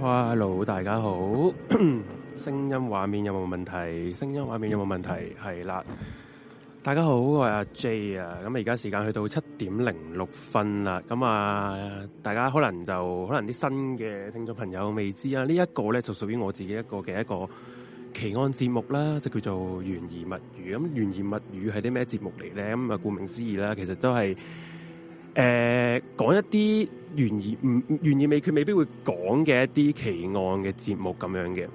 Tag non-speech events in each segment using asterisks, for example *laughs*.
hello 大家好，聲音畫面有冇問題？聲音畫面有冇問題？係啦，大家好，我係阿 J 啊，咁而家時間去到七點零六分啦，咁啊，大家可能就可能啲新嘅聽眾朋友未知啊，呢一個咧就屬於我自己一個嘅一個奇案節目啦，即叫做懸疑物語。咁懸疑物語係啲咩節目嚟咧？咁啊，顧名思義啦，其實都係。誒，講、呃、一啲懸疑，唔懸而未決，未必會講嘅一啲奇案嘅節目咁樣嘅，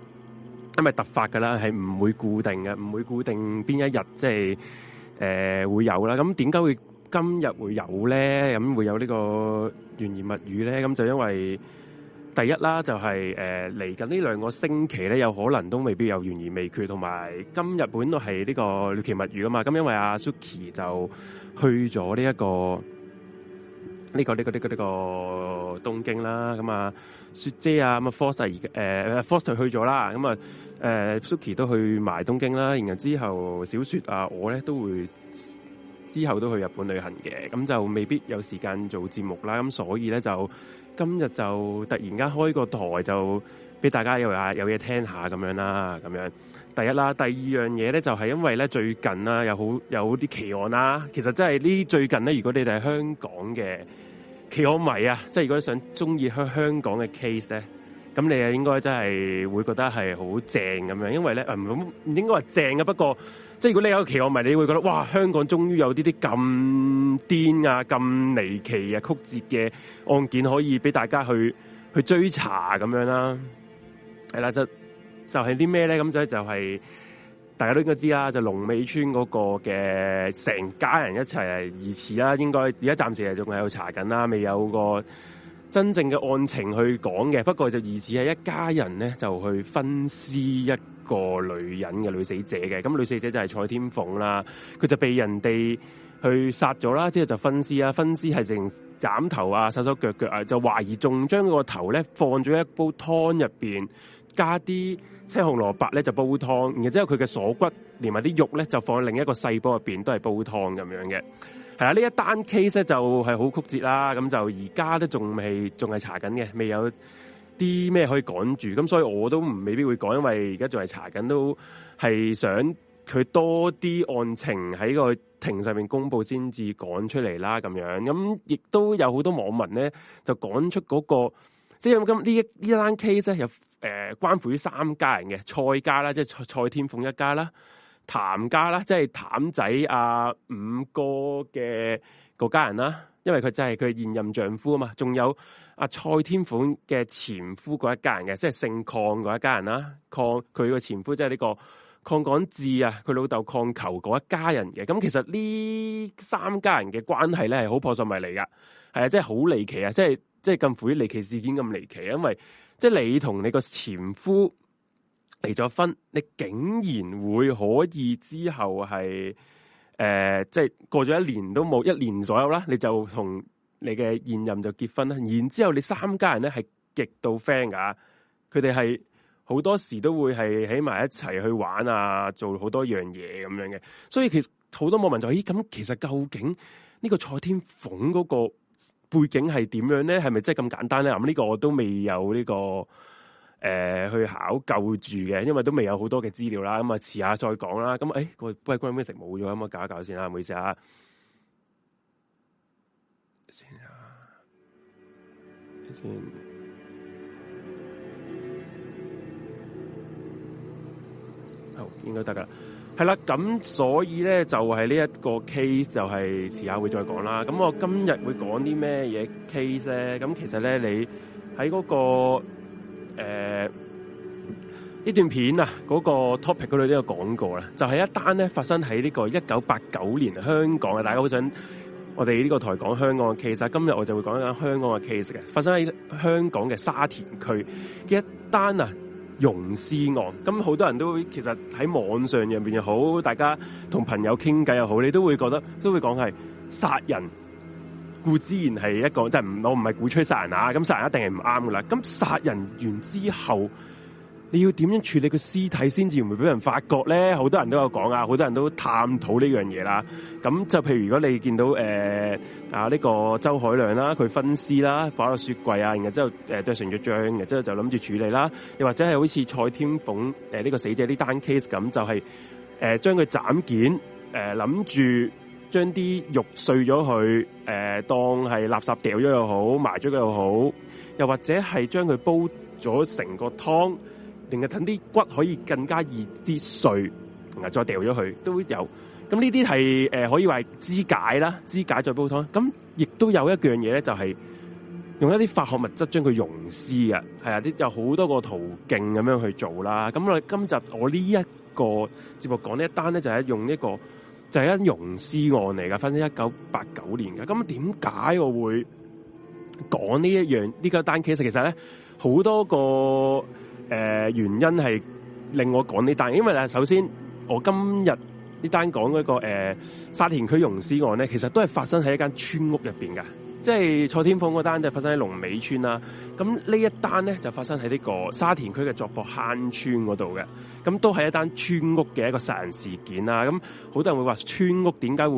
咁咪突發噶啦，係唔會固定嘅，唔會固定邊一日即係誒、呃、會有啦。咁點解會今日會有咧？咁會有呢會有這個懸疑物語咧？咁就因為第一啦，就係誒嚟緊呢兩個星期咧，有可能都未必有懸而未決，同埋今日本都係呢個獵奇物語啊嘛。咁因為阿 Suki 就去咗呢一個。呢個呢個呢個呢個東京啦，咁啊雪姐啊，咁啊 Forest 誒、呃、Forest 去咗啦，咁啊誒 Suki 都去埋東京啦，然後之後小雪啊，我咧都會之後都去日本旅行嘅，咁就未必有時間做節目啦，咁所以咧就今日就突然間開個台就俾大家有下有嘢聽下咁樣啦，咁樣。這樣第一啦，第二樣嘢咧就係因為咧最近啊，又好有啲奇案啦。其實真係呢最近咧，如果你哋係香港嘅奇案迷啊，即係如果你想中意香香港嘅 case 咧，咁你啊應該真係會覺得係好正咁樣。因為咧，誒唔咁唔應該話正嘅，不過即係如果你有個奇案迷，你會覺得哇，香港終於有呢啲咁癲啊、咁離奇啊、曲折嘅案件可以俾大家去去追查咁樣啦。係啦，就。就係啲咩咧？咁所以就係、是、大家都應該知啦。就是、龍尾村嗰個嘅成家人一齊疑似啦，應該而家暫時係仲喺有查緊啦，未有個真正嘅案情去講嘅。不過就疑似係一家人咧，就去分屍一個女人嘅女死者嘅。咁女死者就係蔡天鳳啦，佢就被人哋去殺咗啦，之後就分屍啊，分屍係成斬頭啊，手手腳腳啊，就懷疑仲將個頭咧放咗一煲湯入邊，加啲。青紅蘿蔔咧就煲湯，然之後佢嘅鎖骨連埋啲肉咧就放喺另一個細煲入面，都係煲湯咁樣嘅。係啊，呢一單 case 咧就係好曲折啦，咁就而家都仲未，仲係查緊嘅，未有啲咩可以趕住。咁所以我都唔未必會講，因為而家仲係查緊，都係想佢多啲案情喺個庭上面公佈先至講出嚟啦咁樣。咁亦都有好多網民咧就講出嗰個，即係咁呢一呢一單 case 咧又。誒、呃、關乎於三家人嘅蔡家啦，即係蔡蔡天鳳一家啦，譚家啦，即係譚仔阿、啊、五哥嘅個家人啦，因為佢即係佢現任丈夫啊嘛。仲有阿、啊、蔡天鳳嘅前夫嗰一家人嘅，即係姓鄺嗰一家人啦，鄺佢個前夫即係呢個鄺港智啊，佢老豆鄺球嗰一家人嘅。咁其實呢三家人嘅關係咧係好撲朔迷離噶，係啊，即係好離奇啊，即係即係近乎於離奇事件咁離奇啊，因為。即係你同你個前夫離咗婚，你竟然會可以之後係誒、呃，即係過咗一年都冇一年左右啦，你就同你嘅現任就結婚啦。然之後你三家人咧係極度 friend 噶，佢哋係好多時都會係喺埋一齊去玩啊，做好多樣嘢咁樣嘅。所以其實好多網民就話：咦，咁其實究竟呢個蔡天鳳嗰個？背景係點樣咧？係咪真係咁簡單咧？咁、嗯、呢、呢個我都未有呢、呢個、呃、去考究住嘅，因為都未有好多嘅資料啦。咁、嗯、啊，遲下再講啦。咁、嗯、誒、欸那個 background music，冇咗，咁、嗯、啊，我搞一搞先啦，唔好意思吓，先啊，先，好應該得㗎。係啦，咁所以咧就係呢一個 case 就係、是、遲下會再講啦。咁我今日會講啲咩嘢 case 咧？咁其實咧你喺嗰、那個誒呢、呃、段片啊，嗰、那個 topic 嗰度都有講過啦。就係、是、一單咧發生喺呢個一九八九年香港嘅，大家好想我哋呢個台講香港嘅 case。今日我就會講一單香港嘅 case 嘅，發生喺香港嘅沙田區嘅一單啊。溶屍案，咁好多人都其實喺網上入面又好，大家同朋友傾偈又好，你都會覺得都會講，係殺人，固然係一個即係唔，我唔係鼓吹殺人啊，咁殺人一定係唔啱噶啦，咁殺人完之後。你要點樣處理個屍體先至唔會俾人發覺咧？好多人都有講啊，好多人都探討呢樣嘢啦。咁就譬如如果你見到誒、呃、啊呢、這個周海亮啦，佢分屍啦，擺落雪櫃啊，然後之後誒剁成咗醬然之後就諗住處理啦。又或者係好似蔡天鳳呢、呃這個死者呢單 case 咁，就係誒將佢斬件誒諗住將啲肉碎咗佢，誒、呃、當係垃圾掉咗又好，埋咗佢又好，又或者係將佢煲咗成個湯。淨係等啲骨可以更加易啲碎，然後再掉咗佢，都會有。咁呢啲係誒，可以話係肢解啦，肢解再煲湯。咁亦都有一樣嘢咧，就係用一啲化學物質將佢溶屍嘅。係啊，啲有好多個途徑咁樣去做啦。咁我哋今集我呢一個節目講呢一單咧，呢個，就係、是、用一個就係一溶屍案嚟噶，發生一九八九年嘅。咁點解我會講呢一樣呢個單其實，其實咧，好多個。誒、呃、原因係令我講呢單，因為咧首先我今日、那個呃、呢單講嗰個沙田區溶屍案咧，其實都係發生喺一間村屋入面嘅，即係蔡天鳳嗰單就發生喺龍尾村啦。咁呢一單咧就發生喺呢個沙田區嘅作壆坑村嗰度嘅，咁都係一單村屋嘅一個殺人事件啦、啊。咁好多人會話村屋點解會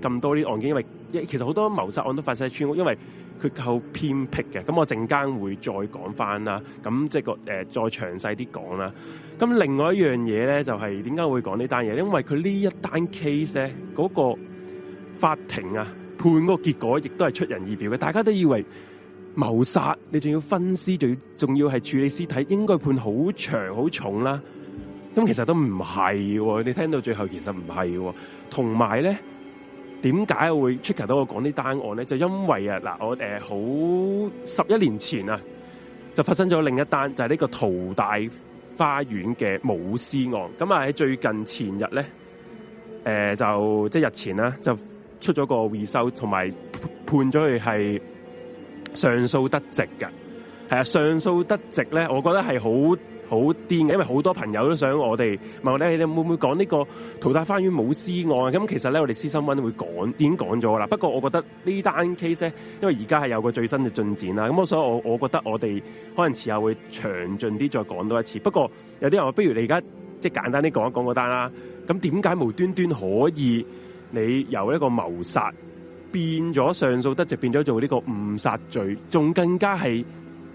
咁多啲案件，因為其實好多謀殺案都發生喺村屋，因為。佢夠偏僻嘅，咁我陣間會再講返啦，咁即係個、呃、再詳細啲講啦。咁另外一樣嘢咧，就係點解會講呢單嘢？因為佢呢一單 case 咧，嗰個法庭啊判個結果亦都係出人意表嘅。大家都以為謀殺你仲要分屍，仲要仲要係處理屍體，應該判好長好重啦。咁其實都唔係喎，你聽到最後其實唔係喎，同埋咧。點解會觸及到我講呢單案咧？就因為啊，嗱，我誒好十一年前啊，就發生咗另一單，就係、是、呢個淘大花園嘅舞獅案。咁啊喺最近前日咧，誒、呃、就即日前啦，就出咗個回收，同埋判咗佢係上訴得直嘅。係啊，上訴得直咧，我覺得係好。好癲嘅，因為好多朋友都想我哋問我哋，你哋會唔會講呢個淘大花園冇屍案？咁其實咧，我哋私心温會講已經講咗啦。不過我覺得呢單 case 咧，因為而家係有個最新嘅進展啦。咁所以我我覺得我哋可能遲下會詳盡啲再講多一次。不過有啲人話，不如你而家即係簡單啲講一講嗰單啦。咁點解無端端可以你由一個謀殺變咗上訴得直變咗做呢個誤殺罪？仲更加係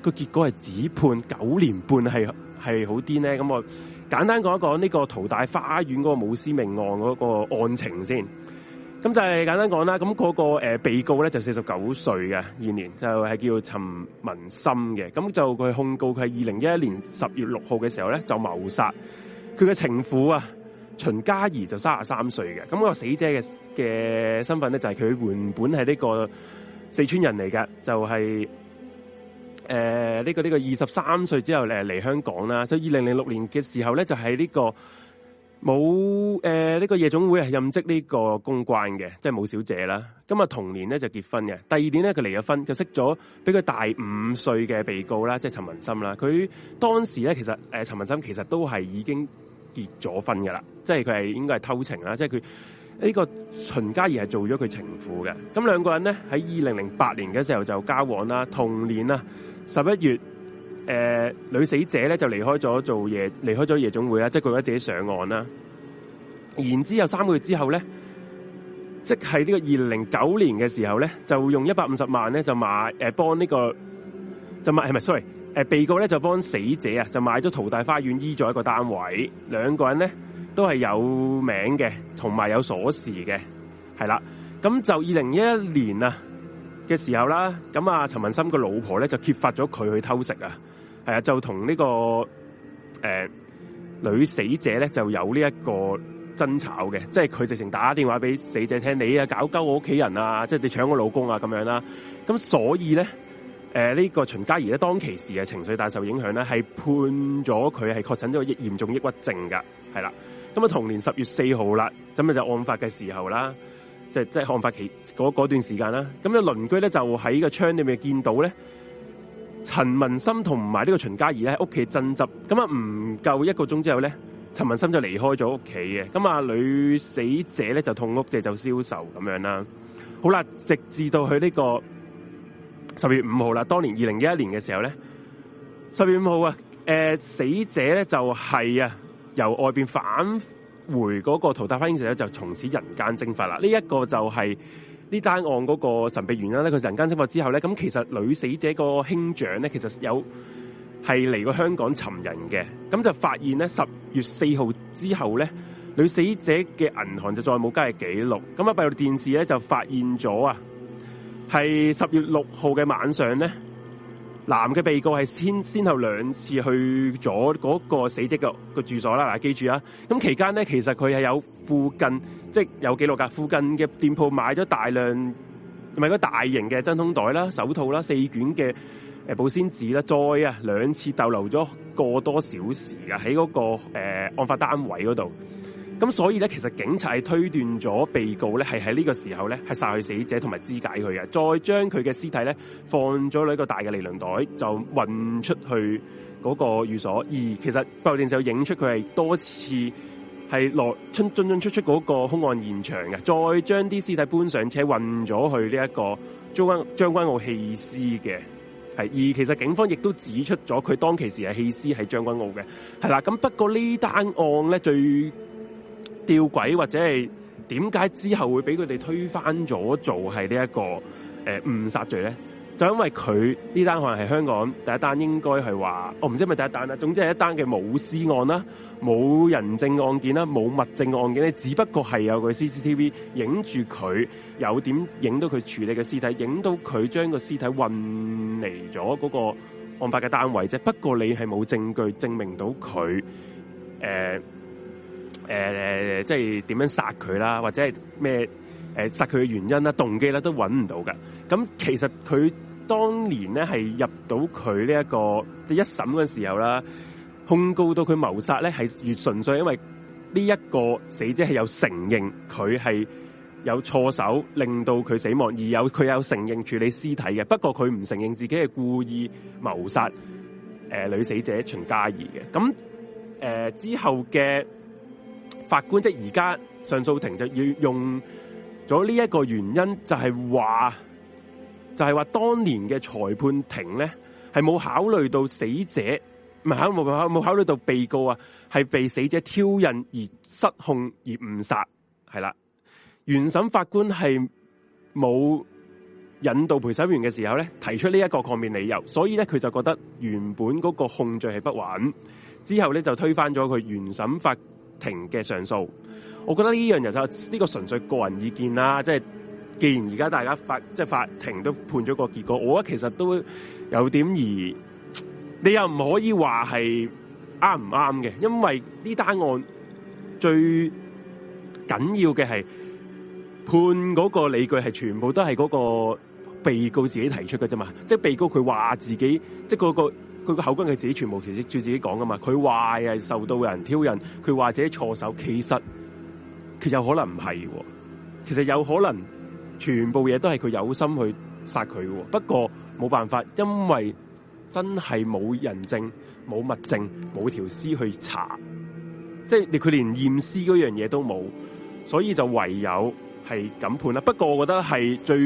個結果係只判九年半係。係好癲咧，咁我簡單講一講呢、這個淘大花園嗰個冇屍命案嗰，那個案情先。咁就係簡單講啦，咁，那，嗰個誒、呃、被告咧就四十九歲嘅，現年就係叫陳文森嘅。咁就佢控告佢係二零一一年十月六號嘅時候咧就謀殺佢嘅情婦啊，秦嘉怡就三十三歲嘅。咁，那個死者嘅嘅身份咧就係，是、佢原本係呢個四川人嚟嘅，就係，是。誒，呢、呃這個呢、這個二十三歲之後誒嚟香港啦，所以二零零六年嘅時候咧，就喺、是、呢、這個冇誒呢個夜總會係任職呢個公關嘅，即係冇小姐啦。咁啊同年咧就結婚嘅，第二年咧佢離咗婚，就識咗比佢大五歲嘅被告啦，即係陳文森啦。佢當時咧其實誒陳、呃、文森其實都係已經結咗婚噶啦，即係佢係應該係偷情啦，即係佢呢個秦嘉儀係做咗佢情婦嘅。咁兩個人咧喺二零零八年嘅時候就交往啦，同年啦。十一月，誒、呃、女死者咧就離開咗做夜離開咗夜總會啦，即係佢自己上岸啦。然之後三個月之後咧，即係呢個二零零九年嘅時候咧，就用一百五十萬咧就買、呃、幫呢、呢個就買係咪？sorry，誒、呃、被告咧就幫死者啊就買咗淘大花園醫咗一個單位，兩個人咧都係有名嘅，同埋有鎖匙嘅，係啦。咁就二零一一年啊，嘅時候啦，咁啊陳文森個老婆咧，就揭發咗佢去偷食啊，係啊，就同呢個誒女死者咧就有呢一個爭吵嘅，即係佢直情打電話俾死者聽，你啊搞鳩我屋企人啊，即係你搶我老公啊咁樣啦，咁所以咧誒呢個秦嘉怡咧當其時係情緒大受影響咧，係判咗佢係確診咗個嚴重抑鬱症噶，係啦，咁啊同年十月四號啦，咁啊就案發嘅時候啦。即係即係案發期嗰段時間啦，咁咧鄰居咧就喺個窗裏面見到咧陳文森同埋呢個秦嘉怡咧喺屋企爭執，咁啊唔夠一個鐘之後咧，陳文森就離開咗屋企嘅，咁啊女死者咧就同屋嘅就銷售咁樣啦。好啦，直至到去呢個十月五號啦，當年二零一一年嘅時候咧，十月五號啊，誒、呃、死者咧就係、是、啊由外邊反。回嗰個淘大花影時咧，就從此人間蒸發啦。呢、這、一個就係呢單案嗰個神秘原因咧。佢人間蒸發之後咧，咁其實女死者個兄長咧，其實有係嚟過香港尋人嘅。咁就發現咧，十月四號之後咧，女死者嘅銀行就再冇交易記錄。咁啊，閉路電視咧就發現咗啊，係十月六號嘅晚上咧。男嘅被告係先先後兩次去咗嗰個死者嘅個住所啦，嗱記住啊，咁期間咧其實佢係有附近即係、就是、有記錄㗎、啊，附近嘅店鋪買咗大量唔係個大型嘅真空袋啦、手套啦、四卷嘅誒保鮮紙啦，再啊兩次逗留咗個多小時啊，喺嗰、那個、呃、案發單位嗰度。咁所以咧，其實警察係推斷咗被告咧係喺呢個時候咧係殺害死者同埋肢解佢嘅，再將佢嘅屍體咧放咗落一個大嘅尼龍袋，就運出去嗰個寓所。而其實博物就影出佢係多次係落進進出出嗰個凶案現場嘅，再將啲屍體搬上車運咗去呢一個將軍將軍澳棄屍嘅。係而其實警方亦都指出咗佢當其時係棄屍喺將軍澳嘅。係啦，咁不過呢單案咧最吊詭或者係點解之後會俾佢哋推翻咗做係呢一個誒誤殺罪咧？就因為佢呢單可能係香港第一單，應該係話我唔知係咪第一單啦。總之係一單嘅冇屍案啦，冇人證案件啦，冇物證案件咧。只不過係有個 CCTV 影住佢，有點影到佢處理嘅屍體，影到佢將個屍體運嚟咗嗰個案發嘅單位啫。不過你係冇證據證明到佢誒。呃誒、呃，即係點樣殺佢啦，或者係咩誒殺佢嘅原因啦、動機啦，都揾唔到噶。咁其實佢當年咧係入到佢呢、這個、一個一審嗰陣時候啦，控告到佢謀殺咧係越純粹，因為呢一個死者係有承認佢係有錯手令到佢死亡，而有佢有承認處理屍體嘅。不過佢唔承認自己係故意謀殺誒女死者秦嘉怡嘅。咁誒、呃、之後嘅。法官即而家上訴庭就要用咗呢一個原因，就係話就係話當年嘅裁判庭咧係冇考慮到死者唔係冇冇冇考慮到被告啊，係被死者挑釁而失控而誤殺係啦。原審法官係冇引導陪審員嘅時候咧，提出呢一個抗辯理由，所以咧佢就覺得原本嗰個控罪係不穩，之後咧就推翻咗佢原審法庭嘅上訴，我覺得呢樣嘢就呢個純粹個人意見啦。即係既然而家大家法即係法庭都判咗個結果，我覺得其實都有點疑，你又唔可以話，係啱唔啱嘅，因為呢單案最緊要嘅係判嗰個理據，係全部都係嗰個被告自己提出嘅啫嘛，即係被告佢話自己即係、那、嗰個。佢個口供係自己全部其實照自己講噶嘛？佢話係受到人挑釁，佢話自己錯手，其實佢有可能唔係，其實有可能全部嘢都係佢有心去殺佢。不過冇辦法，因為真係冇人證、冇物證、冇條屍去查，即係你佢連驗屍嗰樣嘢都冇，所以就唯有係咁判啦。不過我覺得係最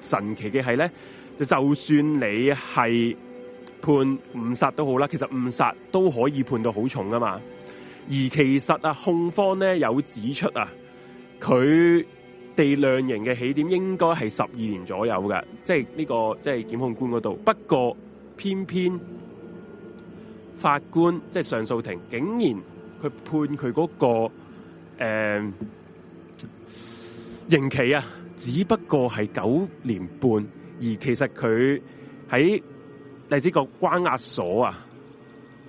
神奇嘅係咧，就就算你係。判誤殺都好啦，其實誤殺都可以判到好重噶嘛。而其實啊，控方咧有指出啊，佢哋量刑嘅起點應該係十二年左右嘅，即係呢個即係檢控官嗰度。不過偏偏法官，即係、即係、上訴庭，竟然佢判佢嗰、嗰個誒、呃、刑期啊，只不過係九年半，而其實佢喺。例子個關押所啊，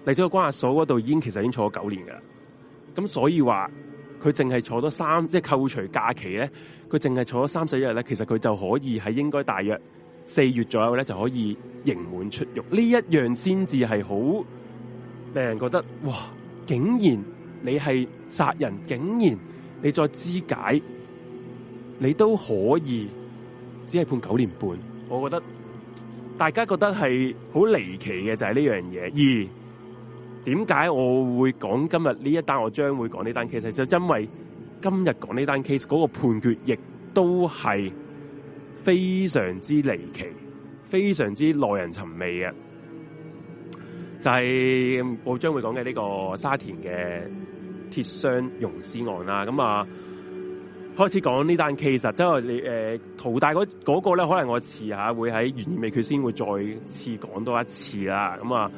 例子個關押所嗰度已經其實已經坐咗九年噶啦，咁所以話佢淨係坐咗三，即係扣除假期咧，佢淨係坐咗三十一日咧，其實佢就可以喺應該大約四月左右咧就可以刑滿出獄。呢一樣先至係好令人覺得哇！竟然你係殺人，竟然你再肢解，你都可以只係判九年半，我覺得。大家覺得係好離奇嘅就係呢樣嘢。而點解我會講今日呢一單？我將會講呢單，case，就因為今日講呢單 case 嗰個判決亦都係非常之離奇、非常之耐人尋味嘅。就係、是、我將會講嘅呢個沙田嘅鐵箱融屍案啦。咁啊～開始講、呃、嗰個嗰個呢單 case，即係你誒淘大嗰個咧，可能我遲下會喺懸而未決先會再次講多一次啦。咁啊，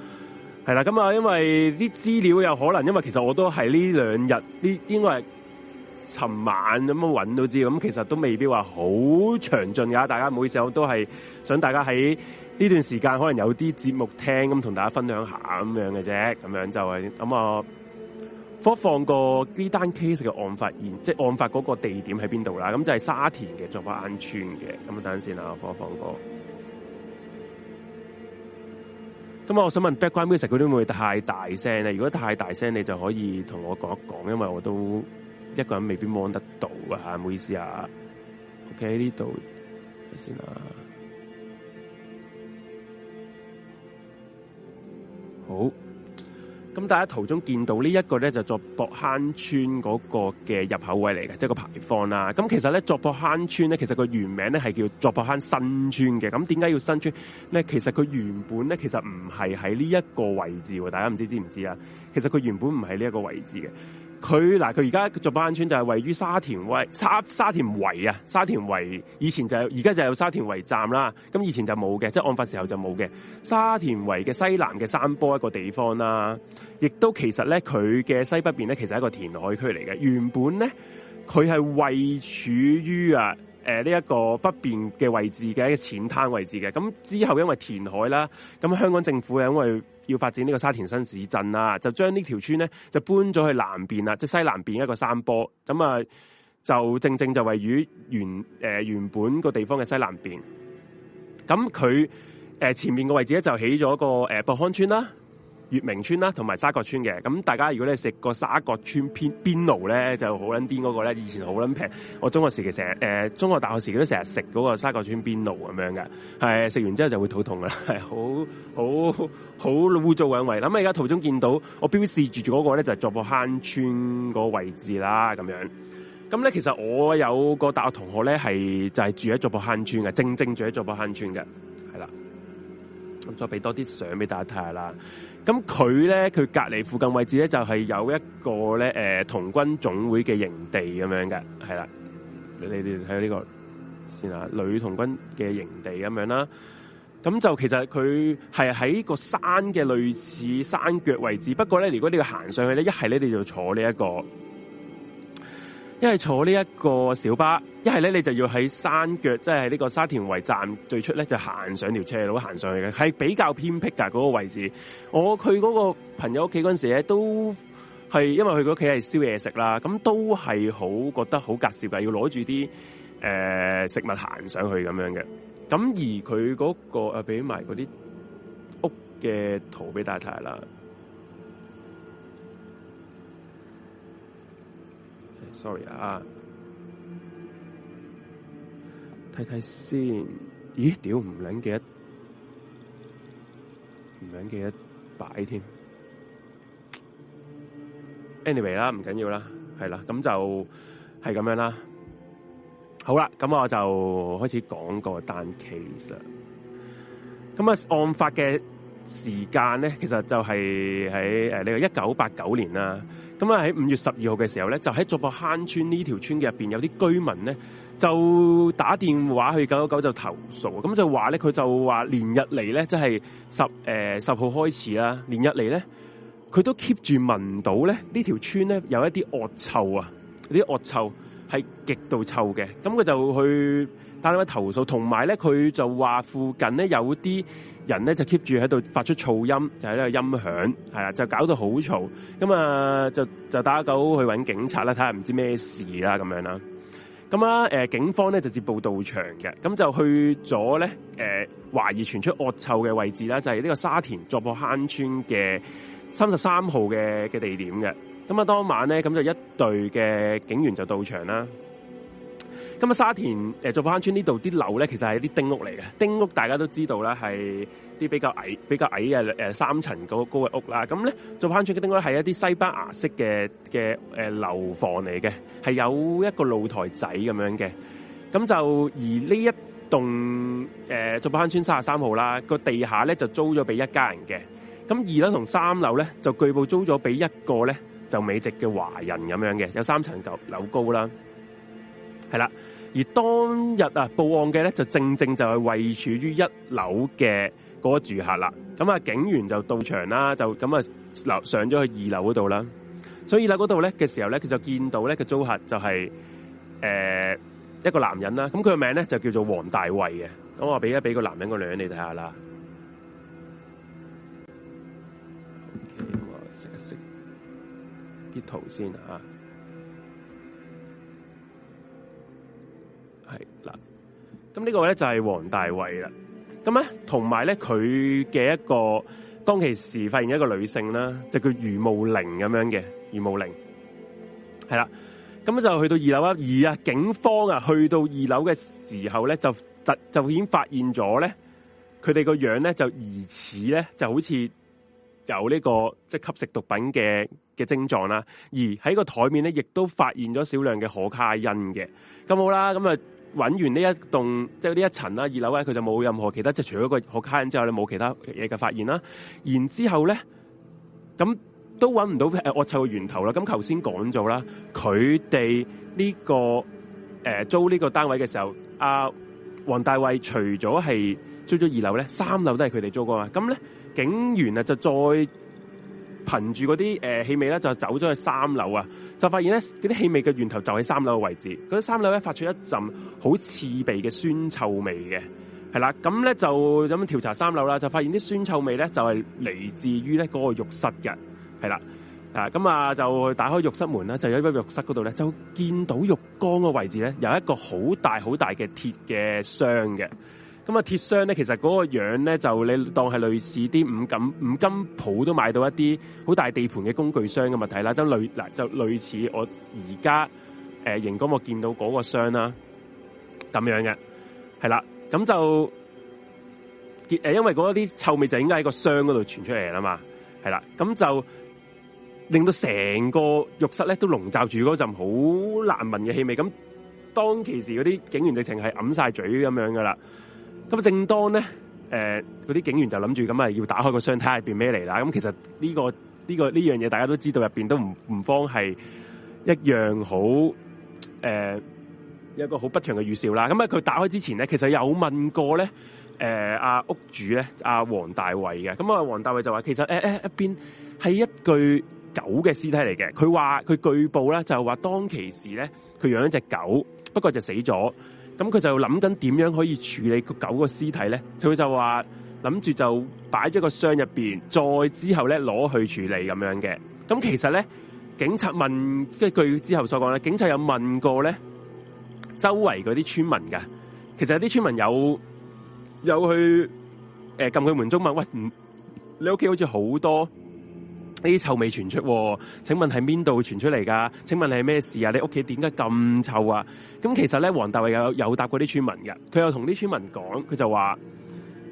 係啦，咁啊，因為啲資料有可能，因為其實我都係呢兩日，呢應該係尋晚咁樣揾到資料，咁其實都未必話好詳盡噶。大家唔好意思，我都係想大家喺呢段時間可能有啲節目聽，咁同大家分享下咁樣嘅啫。咁樣就係、是、咁啊。播放個呢單 case 嘅案發現，即係案發嗰個地點喺邊度啦？咁就係沙田嘅作法安村嘅。咁等陣先啊，我播放個。咁啊，我想問 background music，佢會唔會太大聲咧？如果太大聲，你就可以同我講一講，因為我都一個人未必望得到啊，唔好意思啊。OK，呢度先啊，好。咁大家途中見到呢一個咧，就作博坑村嗰個嘅入口位嚟嘅，即係個牌坊啦。咁其實咧，作博坑村咧，其實佢原名咧係叫作博坑新村嘅。咁點解要新村咧？其實佢原本咧，其實唔係喺呢一個位置喎。大家唔知知唔知啊？其實佢原本唔係呢一個位置嘅。佢嗱，佢而家做班村就係位於沙田圍沙沙田圍啊，沙田圍以前就而家就有沙田圍站啦，咁以前就冇嘅，即係案發時候就冇嘅。沙田圍嘅西南嘅山坡一個地方啦、啊，亦都其實咧佢嘅西北邊咧其實係一個填海區嚟嘅，原本咧佢係位處於啊。誒呢、呃這個、一個北邊嘅位置嘅一個淺灘位置嘅，咁之後因為填海啦，咁香港政府因為要發展呢個沙田新市鎮啦、啊，就將呢條村咧就搬咗去南邊啦，即係西南邊一個山坡，咁啊就正正就位於原誒、呃、原本個地方嘅西南邊。咁佢誒前面嘅位置咧就起咗個誒、呃、博康村啦。月明村啦、啊，同埋沙角村嘅。咁大家如果你食過沙角村邊邊爐咧，就好撚癲嗰個咧，以前好撚平。我中學時期成日，誒、呃、中學、大學時期都成日食嗰個沙角村邊爐咁樣嘅，係食完之後就會肚痛嘅，係好好好污糟韻味。咁啊，而、嗯、家途中見到我標示住住嗰個咧，就係作博坑村個位置啦，咁樣。咁咧，其實我有個大學同學咧，係就係、是、住喺作博坑村嘅，正正住喺作博坑村嘅，係啦。咁再俾多啲相俾大家睇下啦。咁佢咧，佢隔籬附近位置咧，就係有一個咧，誒、呃，童軍總會嘅營地咁樣嘅，係啦，你哋睇下呢個先啦，女童軍嘅營地咁樣啦。咁就其實佢係喺個山嘅類似山腳位置，不過咧，如果你要行上去咧，一係咧，你就坐呢、這、一個。因為坐呢一個小巴，一係咧你就要喺山腳，即係呢個沙田圍站最出咧，就行上條車路行上去嘅，係比較偏僻噶嗰、那個位置。我去嗰個朋友屋企嗰陣時咧，都係因為佢嗰屋企係燒嘢食啦，咁都係好覺得好隔涉嘅，要攞住啲誒食物行上去咁樣嘅。咁而佢嗰、那個誒俾埋嗰啲屋嘅圖俾大家啦。Sorry 啊，睇睇先，咦，屌唔撚嘅，唔撚嘅一擺添。Anyway 啦，唔緊要啦，係啦，咁就係咁樣啦。好啦，咁我就開始講個單 case 啦。咁啊，案發嘅時間咧，其實就係喺誒呢個一九八九年啦。咁啊喺五月十二號嘅時候咧，就喺竹步坑村呢條村嘅入邊，有啲居民咧就打電話去九九九就投訴，咁就話咧佢就話連日嚟咧，即係十誒十號開始啦，連日嚟咧，佢都 keep 住聞到咧呢條村咧有一啲惡臭啊，啲惡臭。係極度臭嘅，咁佢就去打電話投訴，同埋咧佢就話附近咧有啲人咧就 keep 住喺度發出噪音，就係、是、呢個音響，係啊，就搞到好嘈，咁啊就就打狗去搵警察啦，睇下唔知咩事啦咁樣啦。咁啊、呃、警方咧就接報到場嘅，咁就去咗咧誒懷疑傳出惡臭嘅位置啦，就係、是、呢個沙田作破坑村嘅三十三號嘅嘅地點嘅。咁啊！當晚咧，咁就一隊嘅警員就到場啦。咁啊，沙田誒作壆坑村呢度啲樓咧，其實係一啲丁屋嚟嘅。丁屋大家都知道啦，係啲比較矮、比較矮嘅、呃、三層嗰高嘅屋啦。咁咧，作壆坑村嘅丁屋咧係一啲西班牙式嘅嘅、呃、樓房嚟嘅，係有一個露台仔咁樣嘅。咁就而呢一棟誒作壆坑村三十三號啦，個地下咧就租咗俾一家人嘅。咁二樓同三樓咧就據報租咗俾一個咧。就美籍嘅華人咁樣嘅，有三層樓樓高啦，係啦。而當日啊報案嘅咧，就正正就係位處於一樓嘅嗰個住客啦。咁啊警員就到場啦，就咁啊樓上咗去二樓嗰度啦。所以二樓嗰度咧嘅時候咧，佢就見到咧個租客就係、是、誒、呃、一個男人啦。咁佢個名咧就叫做黃大衛嘅。咁我俾一俾個男人個女人你睇下啦。啲圖先吓，係嗱，咁呢個咧就係黃大衛啦，咁咧同埋咧佢嘅一個當其時發現一個女性啦，就叫余慕玲咁樣嘅余慕玲，係啦，咁就去到二樓啦，而啊警方啊去到二樓嘅時候咧，就就已經發現咗咧，佢哋個樣咧就疑似咧就好似有呢個即係吸食毒品嘅。嘅症狀啦，而喺個台面咧，亦都發現咗少量嘅可卡因嘅。咁好啦，咁啊揾完呢一棟，即係呢一層啦，二樓咧，佢就冇任何其他，即係除咗個可卡因之後，咧冇其他嘢嘅發現啦。然之後咧，咁都揾唔到誒惡臭嘅源頭啦。咁頭先講咗啦，佢哋呢個誒、呃、租呢個單位嘅時候，阿、啊、黃大衛除咗係租咗二樓咧，三樓都係佢哋租過啊。咁咧，警員啊就再。憑住嗰啲誒氣味咧，就走咗去三樓啊，就發現咧嗰啲氣味嘅源頭就喺三樓嘅位置。嗰啲三樓咧發出一陣好刺鼻嘅酸臭味嘅，係啦，咁咧就咁樣調查三樓啦，就發現啲酸臭味咧就係嚟自於咧嗰個浴室嘅，係啦，啊咁啊就打開浴室門啦，就喺個浴室嗰度咧就見到浴缸嘅位置咧有一個好大好大嘅鐵嘅箱嘅。咁啊！鐵箱咧，其實嗰個樣咧，就你當係類似啲五金五金鋪都買到一啲好大地盤嘅工具箱嘅物體啦。就類嗱，就類似我而家誒熒光幕見到嗰個箱啦，咁樣嘅係啦。咁就誒，因為嗰啲臭味就應該喺個箱嗰度傳出嚟啦嘛。係啦，咁就令到成個浴室咧都籠罩住嗰陣好難聞嘅氣味。咁當其時嗰啲警員直情係揞晒嘴咁樣噶啦。咁啊！正當咧，誒嗰啲警員就諗住咁啊，要打開個箱睇下入邊咩嚟啦。咁其實呢、呢個呢、呢個呢樣嘢，大家都知道入邊都唔唔方係一樣好誒一個好、呃、不祥嘅預兆啦。咁啊，佢打開之前咧，其實有問過咧，誒、呃、阿屋主咧，阿黃大衛嘅。咁啊，黃大衛就話其實誒誒一邊係一具狗嘅屍體嚟嘅。佢話佢據報咧就係話當其時咧，佢養一隻狗，不過就死咗。咁佢就諗緊點樣可以處理個狗嘅屍體咧？佢就話諗住就擺咗個箱入邊，再之後咧攞去處理咁樣嘅。咁其實咧，警察問，一句之後所講咧，警察有問過咧，周圍嗰啲村民㗎。其實啲村民有有去誒撳佢門鐘問喂，唔你屋企好似好多。呢啲臭味傳出，請問係邊度傳出嚟㗎？請問係咩事啊？你屋企點解咁臭啊？咁其實咧，黃大衛有有答過啲村民㗎，佢又同啲村民講，佢就話：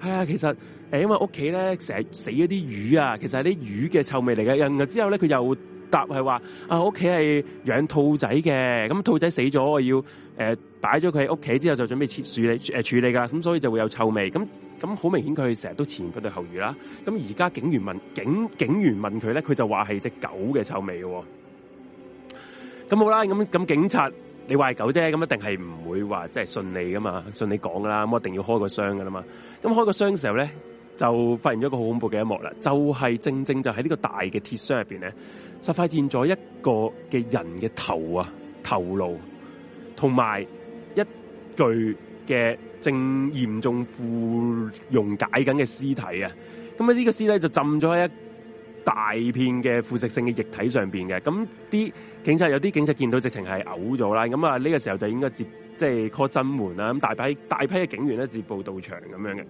係、哎、啊，其實誒，因為屋企咧成日死咗啲魚啊，其實係啲魚嘅臭味嚟嘅。印後之後咧，佢又，答係話啊，我屋企係養兔仔嘅，咁兔仔死咗，我要誒擺咗佢喺屋企之後就準備切處理誒、呃、處理噶啦，咁所以就會有臭味。咁咁好明顯佢成日都前言不對後語啦。咁而家警員問警警員問佢咧，佢就話係隻狗嘅臭味嘅。咁好啦，咁咁警察你話係狗啫，咁一定係唔會話即係信你噶嘛，信你講噶啦，咁我一定要開個箱噶啦嘛。咁開個箱嘅時候咧。就發現咗一個好恐怖嘅一幕啦！就係、是、正正就喺呢個大嘅鐵箱入邊咧，實發現咗一個嘅人嘅頭啊、頭腦同埋一具嘅正嚴重腐溶解緊嘅屍體啊！咁啊，呢個屍體就浸咗喺一大片嘅腐蝕性嘅液體上邊嘅。咁啲警察，有啲警察見到直情係嘔咗啦。咁啊，呢個時候就應該接即係 call 增援啦。咁大批大批嘅警員咧，接報到場咁樣嘅，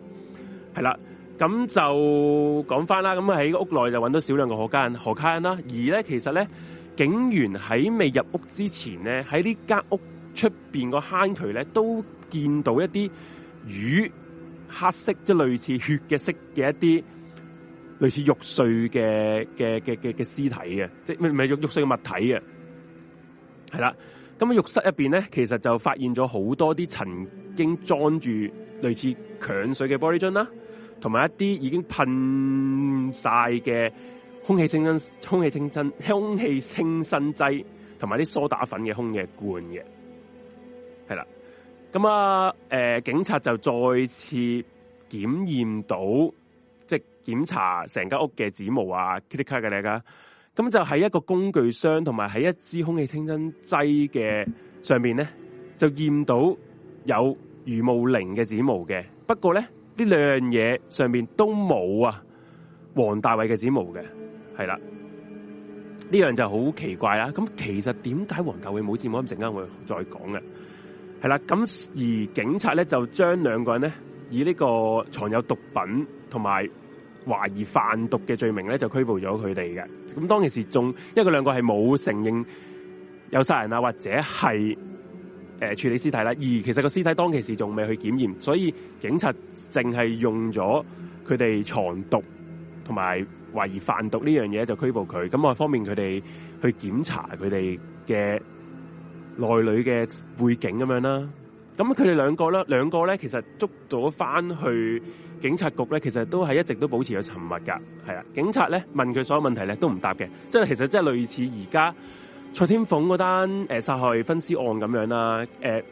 係啦。咁就講返啦，咁喺屋內就搵到少量嘅何家人何家人啦。而咧其實咧，警員喺未入屋之前咧，喺呢間屋出面個坑渠咧，都見到一啲魚黑色，即係類似血嘅色嘅一啲類似肉碎嘅嘅嘅嘅嘅屍體嘅，即係唔係肉肉碎嘅物體嘅，係啦。咁喺浴室入面咧，其實就發現咗好多啲曾經裝住類似鏹水嘅玻璃樽啦。同埋一啲已經噴晒嘅空氣清新、空氣清新、空氣清新劑，同埋啲梳打粉嘅空嘅罐嘅，係啦。咁啊，誒、呃、警察就再次檢驗到，即係檢查成間屋嘅指模啊 click click 嘅你啊，咁就喺一個工具箱同埋喺一支空氣清新劑嘅上面咧，就驗到有餘霧靈嘅指模嘅。不過咧。呢兩樣嘢上面都冇啊，黃大偉嘅指模嘅係啦，呢樣就好奇怪啦。咁其實點解黃大偉冇指模？一陣間會再講嘅，係啦。咁而警察咧就將兩個人咧以呢個藏有毒品同埋懷疑販毒嘅罪名咧就拘捕咗佢哋嘅。咁當其時仲因為佢兩個係冇承認有殺人啊或者係。誒處理屍體啦，而其實個屍體當其時仲未去檢驗，所以警察淨係用咗佢哋藏毒同埋懷疑販毒呢樣嘢就拘捕佢，咁我方便佢哋去檢查佢哋嘅內裏嘅背景咁樣啦。咁佢哋兩個啦，兩個咧其實捉咗翻去警察局咧，其實都係一直都保持咗沉默㗎，係啊，警察咧問佢所有問題咧都唔答嘅，即係其實即係類似而家。蔡天鳳嗰單誒殺害分屍案咁樣啦，誒、呃，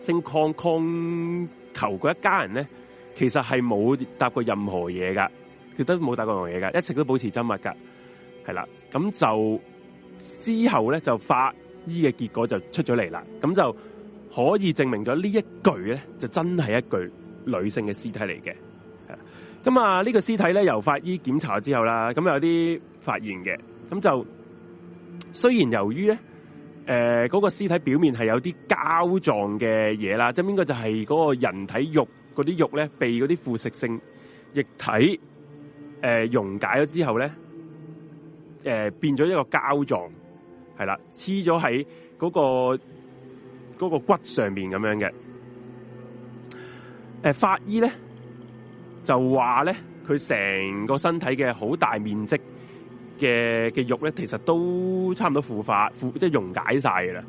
姓鄺鄺求嗰一家人咧，其實係冇答過任何嘢噶，佢都冇答過任何嘢噶，一直都保持真密噶，係啦，咁就之後咧就法醫嘅結果就出咗嚟啦。咁就可以證明咗呢一具咧就真係一具女性嘅屍體嚟嘅，咁啊呢個屍體咧由法醫檢查之後啦，咁有啲發現嘅，咁就。雖然由於咧，誒嗰個屍體表面係有啲膠狀嘅嘢啦，即係應該就係嗰個人體肉嗰啲肉咧，被嗰啲腐蝕性液體誒溶解咗之後咧，誒變咗一個膠狀，係啦，黐咗喺嗰個嗰個骨上面咁樣嘅。誒，法醫咧就話咧，佢成個身體嘅好大面積。嘅嘅肉咧，其實都差唔多腐化、腐即係溶解晒噶啦。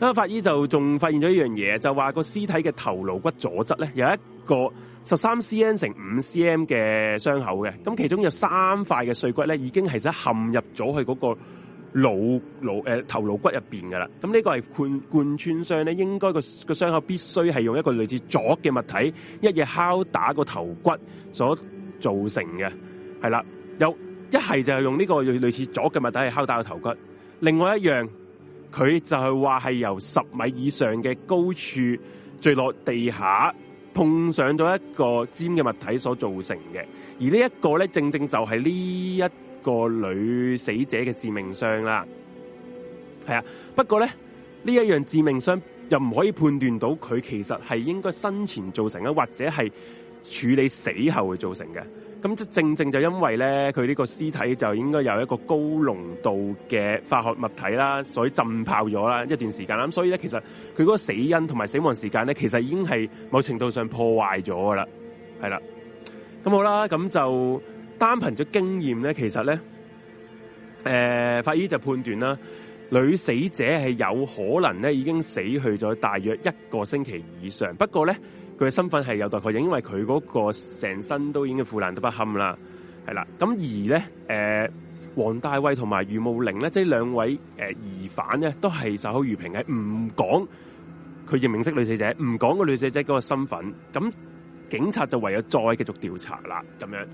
咁啊，法醫就仲發現咗一樣嘢，就話個屍體嘅頭顱骨左側咧有一個十三 cm 乘五 cm 嘅傷口嘅。咁其中有三塊嘅碎骨咧，已經係陷入咗去嗰個腦腦，腦、呃、頭顱骨入邊噶啦。咁呢個係貫貫穿傷咧，應該、個個傷口必須係用一個類似鑿嘅物體一嘢敲打個頭骨所造成嘅，係啦，有。一係就係用呢個類似鑿嘅物體去敲打個頭骨，另外一樣，佢就係話係由十米以上嘅高處墜落地下碰上咗一個尖嘅物體所造成嘅，而呢一個咧正正就係呢一個女死者嘅致命傷啦。係啊，不過咧呢一樣致命傷又唔可以判斷到佢其實係應該生前造成嘅，或者係處理死後去造成嘅。咁即正正就因為咧，佢呢個屍體就應該有一個高濃度嘅化學物體啦，所以浸泡咗啦一段時間啦，所以咧，其實佢嗰個死因同埋死亡時間咧，其實已經係某程度上破壞咗噶啦，係啦。咁好啦，咁就單憑咗經驗咧，其實咧，誒、呃，法醫就判斷啦，女死者係有可能咧已經死去咗大約一個星期以上，不過咧。佢嘅身份係有待確認，因為佢嗰個成身都已經腐爛都不堪啦，係啦。咁而咧，誒、呃、黃大衛同埋余慕玲咧，即係兩位誒、呃、疑犯咧，都係守口如瓶，係唔講佢認唔認識女死者，唔講個女死者嗰個身份。咁警察就唯有再繼續調查啦，咁樣。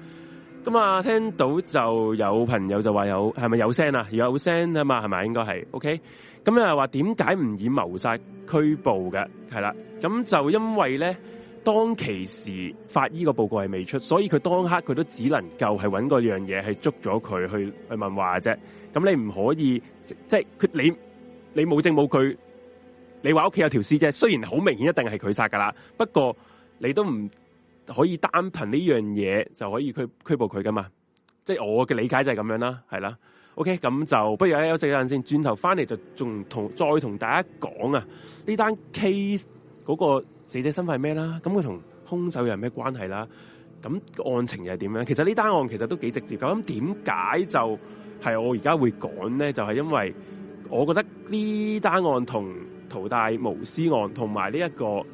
咁啊，聽到就有朋友就話有，係咪有聲啊？有聲啊嘛，係咪應該係？OK。咁又係話點解唔以謀殺拘捕嘅？係啦？咁就因為咧，當其時法醫個報告係未出，所以佢當刻佢都只能夠係揾嗰樣嘢係捉咗佢去去問話啫。咁你唔可以即係佢你你冇證冇據，你話屋企有條屍啫。雖然好明顯一定係佢殺噶啦，不過你都唔可以單憑呢樣嘢就可以拘拘捕佢噶嘛。即係我嘅理解就係咁樣啦，係啦。OK，咁就不如休息一陣先，轉頭翻嚟就仲同再同大家講啊，呢單 case 嗰個死者身份係咩啦，咁佢同兇手有咩關係啦，咁案情又係點樣？其實呢單案其實都幾直接的，咁點解就係我而家會講咧？就係、是、因為我覺得呢單案同屠大無私案同埋呢一個誒。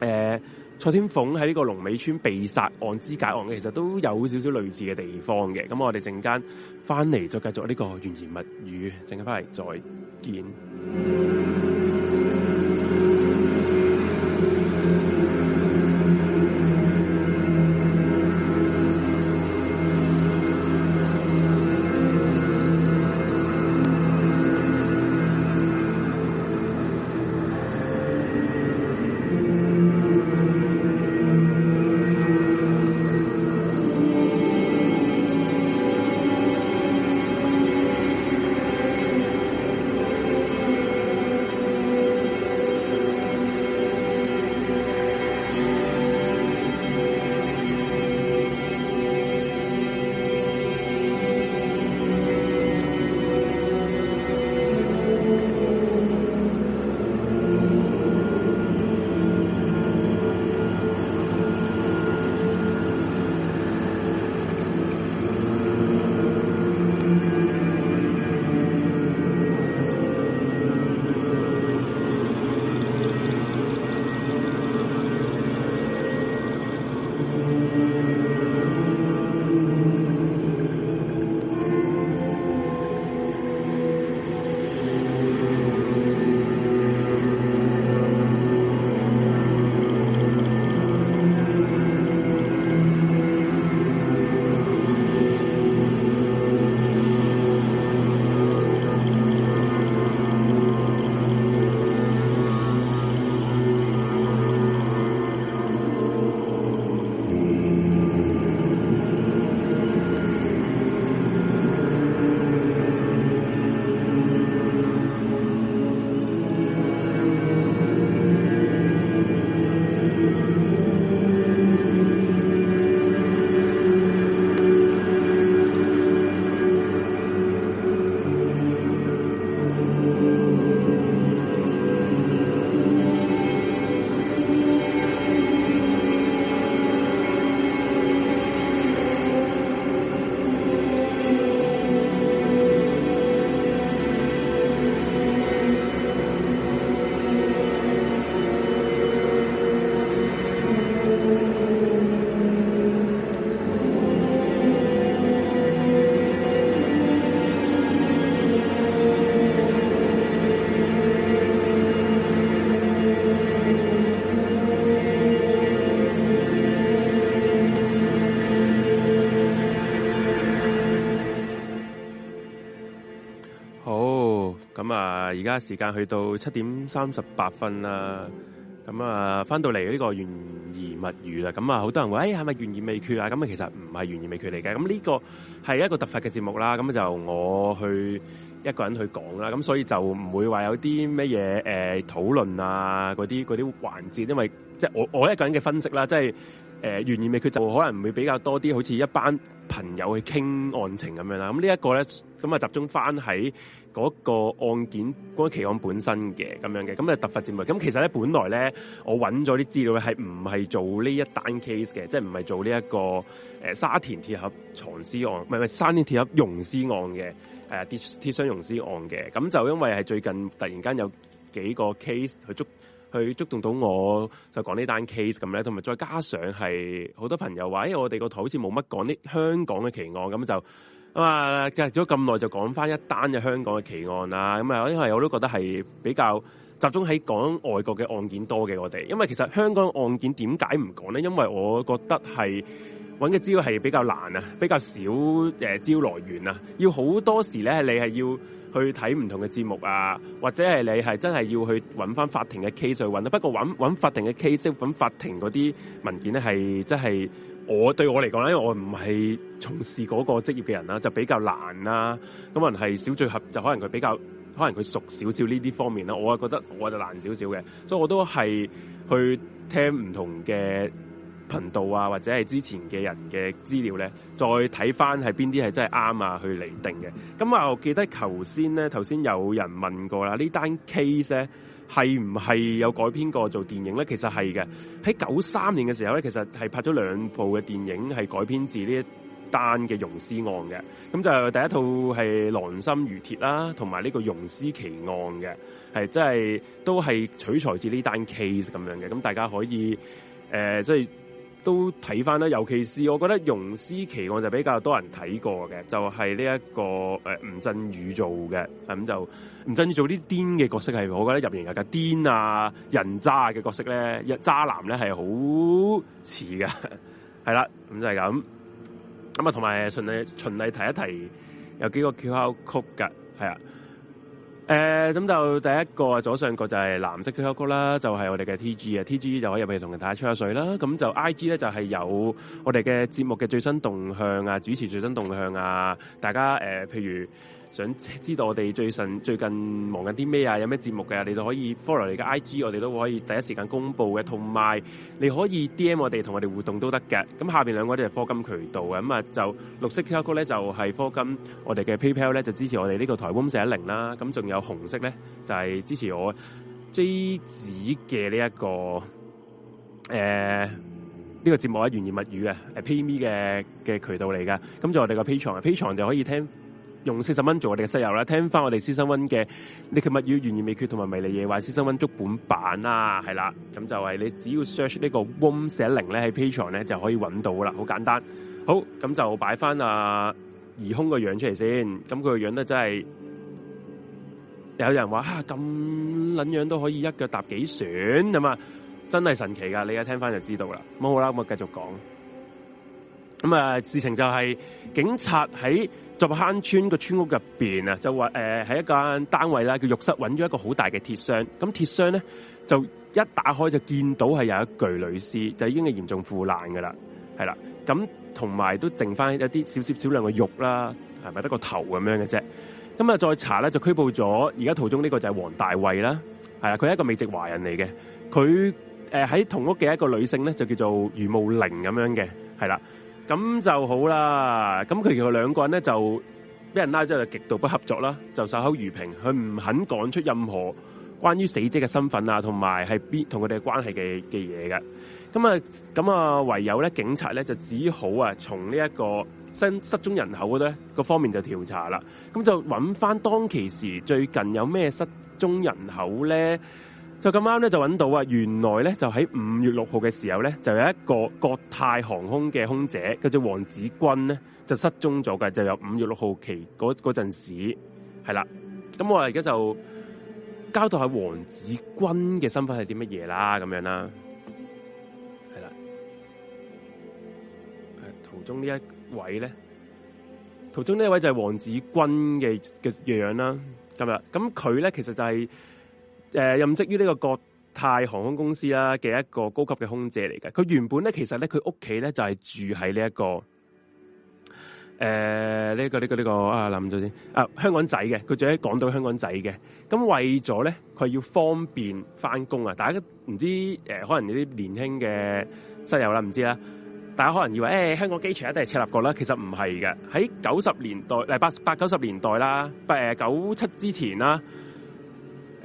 呃蔡天鳳喺呢個龍尾村被殺案之解案，其實都有少少類似嘅地方嘅。咁我哋陣間返嚟再繼續呢個謠言蜜語，陣間返嚟再見。時間去到七點三十八分啦，咁啊，翻到嚟呢個懸疑物語啦，咁啊，好多人話，誒、哎，係咪懸疑未決啊？咁啊，其實唔係懸疑未決嚟嘅，咁呢個係一個突發嘅節目啦，咁就我去一個人去講啦，咁所以就唔會話有啲咩嘢誒討論啊，嗰啲嗰啲環節，因為即係、就是、我我一個人嘅分析啦，即係。誒原意未決就可能會比較多啲，好似一班朋友去傾案情咁樣啦。咁、這個、呢一個咧，咁啊集中翻喺嗰個案件嗰個奇案本身嘅咁樣嘅，咁啊突發節目。咁其實咧，本來咧，我揾咗啲資料咧係唔係做呢一單 case 嘅，即係唔係做呢、這、一個誒、呃、沙田鐵盒藏屍案，唔係唔係沙田鐵盒溶屍案嘅誒鐵鐵箱溶屍案嘅。咁就因為係最近突然間有幾個 case 去捉。去觸動到我，就講呢單 case 咁咧，同埋再加上係好多朋友話、哎，我哋個台好似冇乜講啲香港嘅奇案，咁就啊，隔咗咁耐就講翻一單嘅香港嘅奇案啦。咁啊，因為我都覺得係比較集中喺講外國嘅案件多嘅我哋，因為其實香港案件點解唔講咧？因為我覺得係揾嘅資料係比較難啊，比較少資料來源啊，要好多時咧，你係要。去睇唔同嘅節目啊，或者係你係真係要去揾翻法庭嘅 case 去揾。不過揾法庭嘅 case，揾法庭嗰啲文件咧，係真係我對我嚟講咧，因為我唔係從事嗰個職業嘅人啦、啊，就比較難啦、啊。咁可能係小聚合，就可能佢比較，可能佢熟少少呢啲方面啦、啊。我係覺得我就難少少嘅，所以我都係去聽唔同嘅。頻道啊，或者係之前嘅人嘅資料咧，再睇翻係邊啲係真係啱啊，去嚟定嘅。咁啊，我記得頭先咧，頭先有人問過啦，呢單 case 咧係唔係有改編過做電影咧？其實係嘅。喺九三年嘅時候咧，其實係拍咗兩部嘅電影係改編自呢單嘅融屍案嘅。咁就第一套係《狼心如鐵》啦，同埋呢個《融屍奇案》嘅，係真係都係取材自呢單 case 咁樣嘅。咁大家可以誒，即、呃、係。就是都睇翻啦，尤其是我覺得《溶屍奇案》就比較多人睇過嘅，就係呢一個誒、呃、吳鎮宇做嘅，咁、嗯、就吳鎮宇做啲癲嘅角色係，我覺得入面有嘅癲啊、人渣嘅、啊、角色咧，渣男咧係好似嘅，係啦，咁、嗯、就係、是、咁。咁、嗯、啊，同埋循例循例提一提有幾個橋口曲嘅，係啊。誒咁、呃、就第一個左上角就係藍色 circle 啦，就係、是、我哋嘅 T G 啊，T G 就可以入去同大家吹下水啦。咁就 I G 咧就係有我哋嘅節目嘅最新動向啊，主持最新動向啊，大家誒、呃、譬如。想知道我哋最近最近忙緊啲咩啊？有咩節目嘅、啊，你都可以 follow 你嘅 IG，我哋都可以第一時間公布嘅。同埋你可以 DM 我哋，同我哋互動都得嘅。咁下邊兩個就係科金渠道嘅，咁啊就綠色 QR code 咧就係、是、科金我，我哋嘅 PayPal 咧就支持我哋呢個台灣社一零啦。咁仲有紅色咧就係、是、支持我 J 字嘅呢一個誒呢、呃這個節目啊，懸疑物語啊，誒 PayMe 嘅嘅渠道嚟噶。咁就我哋個 Patreon，Patreon 就可以聽。 *music* 用四十蚊做我哋嘅室友啦，聽翻我哋施生温嘅呢句物語，懸而未決同埋迷離夜話，施生温足本版啊，係啦，咁就係你只要 search 呢個 warm 寫零咧喺 Patreon 咧就可以揾到啦，好簡單。好，咁就擺翻啊疑空個樣出嚟先，咁佢個樣咧真係有人話吓咁撚樣都可以一腳踏幾船咁啊，真係神奇噶，你而家聽翻就知道啦。好啦，咁啊繼續講。咁啊！事情就係，是，警察喺作坑村個村屋入邊啊，就話誒喺一間單位啦，叫浴室揾咗一個好大嘅鐵箱。咁鐵箱咧就一打開就見到係有一具女屍，就已經係嚴重腐爛噶啦，係啦。咁同埋都剩翻一啲少少少量嘅肉啦，係咪得個頭咁樣嘅啫？咁啊，再查咧就拘捕咗而家途中呢個就係黃大衛啦，係啦，佢係一個美籍華人嚟嘅。佢誒喺同屋嘅一個女性咧就叫做余慕玲咁樣嘅，係啦。咁就好啦。咁佢哋兩個人咧，就俾人拉之後就極度不合作啦，就守口如瓶，佢唔肯講出任何關於死者嘅身份啊，同埋係邊同佢哋嘅關係嘅嘅嘢嘅。咁啊，咁啊，唯有咧，警察咧就只好啊，從呢一個新失蹤人口嗰度咧個方面就調查啦。咁就揾翻當其時最近有咩失蹤人口咧。就咁啱咧，就揾到啊！原來咧，就喺五月六號嘅時候咧，就有一個國泰航空嘅空姐，叫做黃子君咧，就失蹤咗嘅，就由五月六號期嗰嗰陣時，係啦。咁我而家就交代下黃子君嘅身份係啲乜嘢啦，咁樣啦，係啦。誒，圖中呢一位咧，圖中呢一位就係黃子君嘅嘅樣啦，咁咁佢咧其實就係、是。誒，任職於呢個國泰航空公司啦嘅一個高級嘅空姐嚟嘅，佢原本咧其實咧佢屋企咧就係、是、住喺呢一個誒呢、呃這個呢、這個呢個啊諗咗先啊香港仔嘅，佢仲喺港島香港仔嘅。咁為咗咧佢要方便翻工啊，大家唔知誒、呃，可能有啲年輕嘅室友啦，唔知啦，大家可能以為誒、欸、香港機場一定係赤鱲角啦，其實唔係嘅。喺九十年代，誒八八九十年代啦，誒九七之前啦。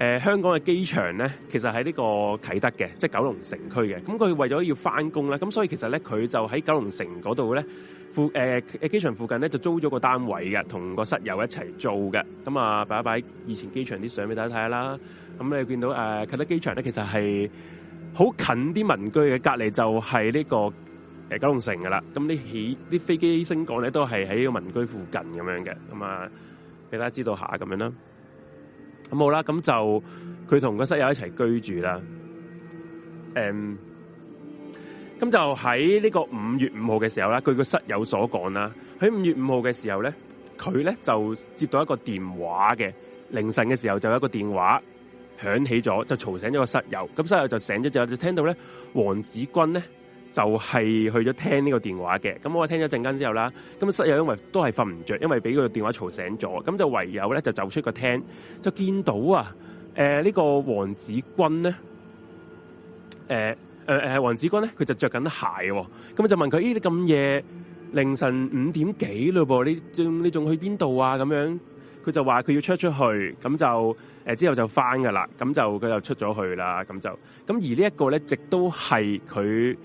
誒、呃、香港嘅機場咧，其實喺呢個啟德嘅，即係九龍城區嘅。咁佢為咗要翻工咧，咁所以其實咧，佢就喺九龍城嗰度咧附誒、呃、機場附近咧，就租咗個單位嘅，同個室友一齊租嘅。咁啊，擺一擺以前機場啲相俾大家睇下啦。咁你見到誒啟德機場咧，其實係好近啲民居嘅，隔離就係呢、呢個誒、呃、九龍城噶啦。咁啲起啲飛機升降咧，都係喺個民居附近咁樣嘅。咁啊，俾大家知道一下咁樣啦。咁好啦，咁就佢同個室友一齊居住啦。誒、嗯，咁就喺呢個五月五號嘅時候啦，據個室友所講啦，喺五月五號嘅時候咧，佢咧就接到一個電話嘅，凌晨嘅時候就有一個電話響起咗，就吵醒咗個室友，咁室友就醒咗之後就聽到咧黃子君咧。就係去咗聽呢個電話嘅，咁我聽咗陣間之後啦，咁室友因為都係瞓唔着，因為俾個電話嘈醒咗，咁就唯有咧就走出個廳，就見到啊，誒、呃、呢、呢個黃子君咧，誒誒誒黃子君咧，佢就着緊鞋，咁就問佢：，咦、欸，你咁夜凌晨五點幾嘞噃，你仲你仲去邊度啊？咁樣佢就話佢要出出去，咁就誒、呃、之後就翻噶啦，咁就佢就出咗去啦，咁就咁而呢呢一個咧，直都係佢。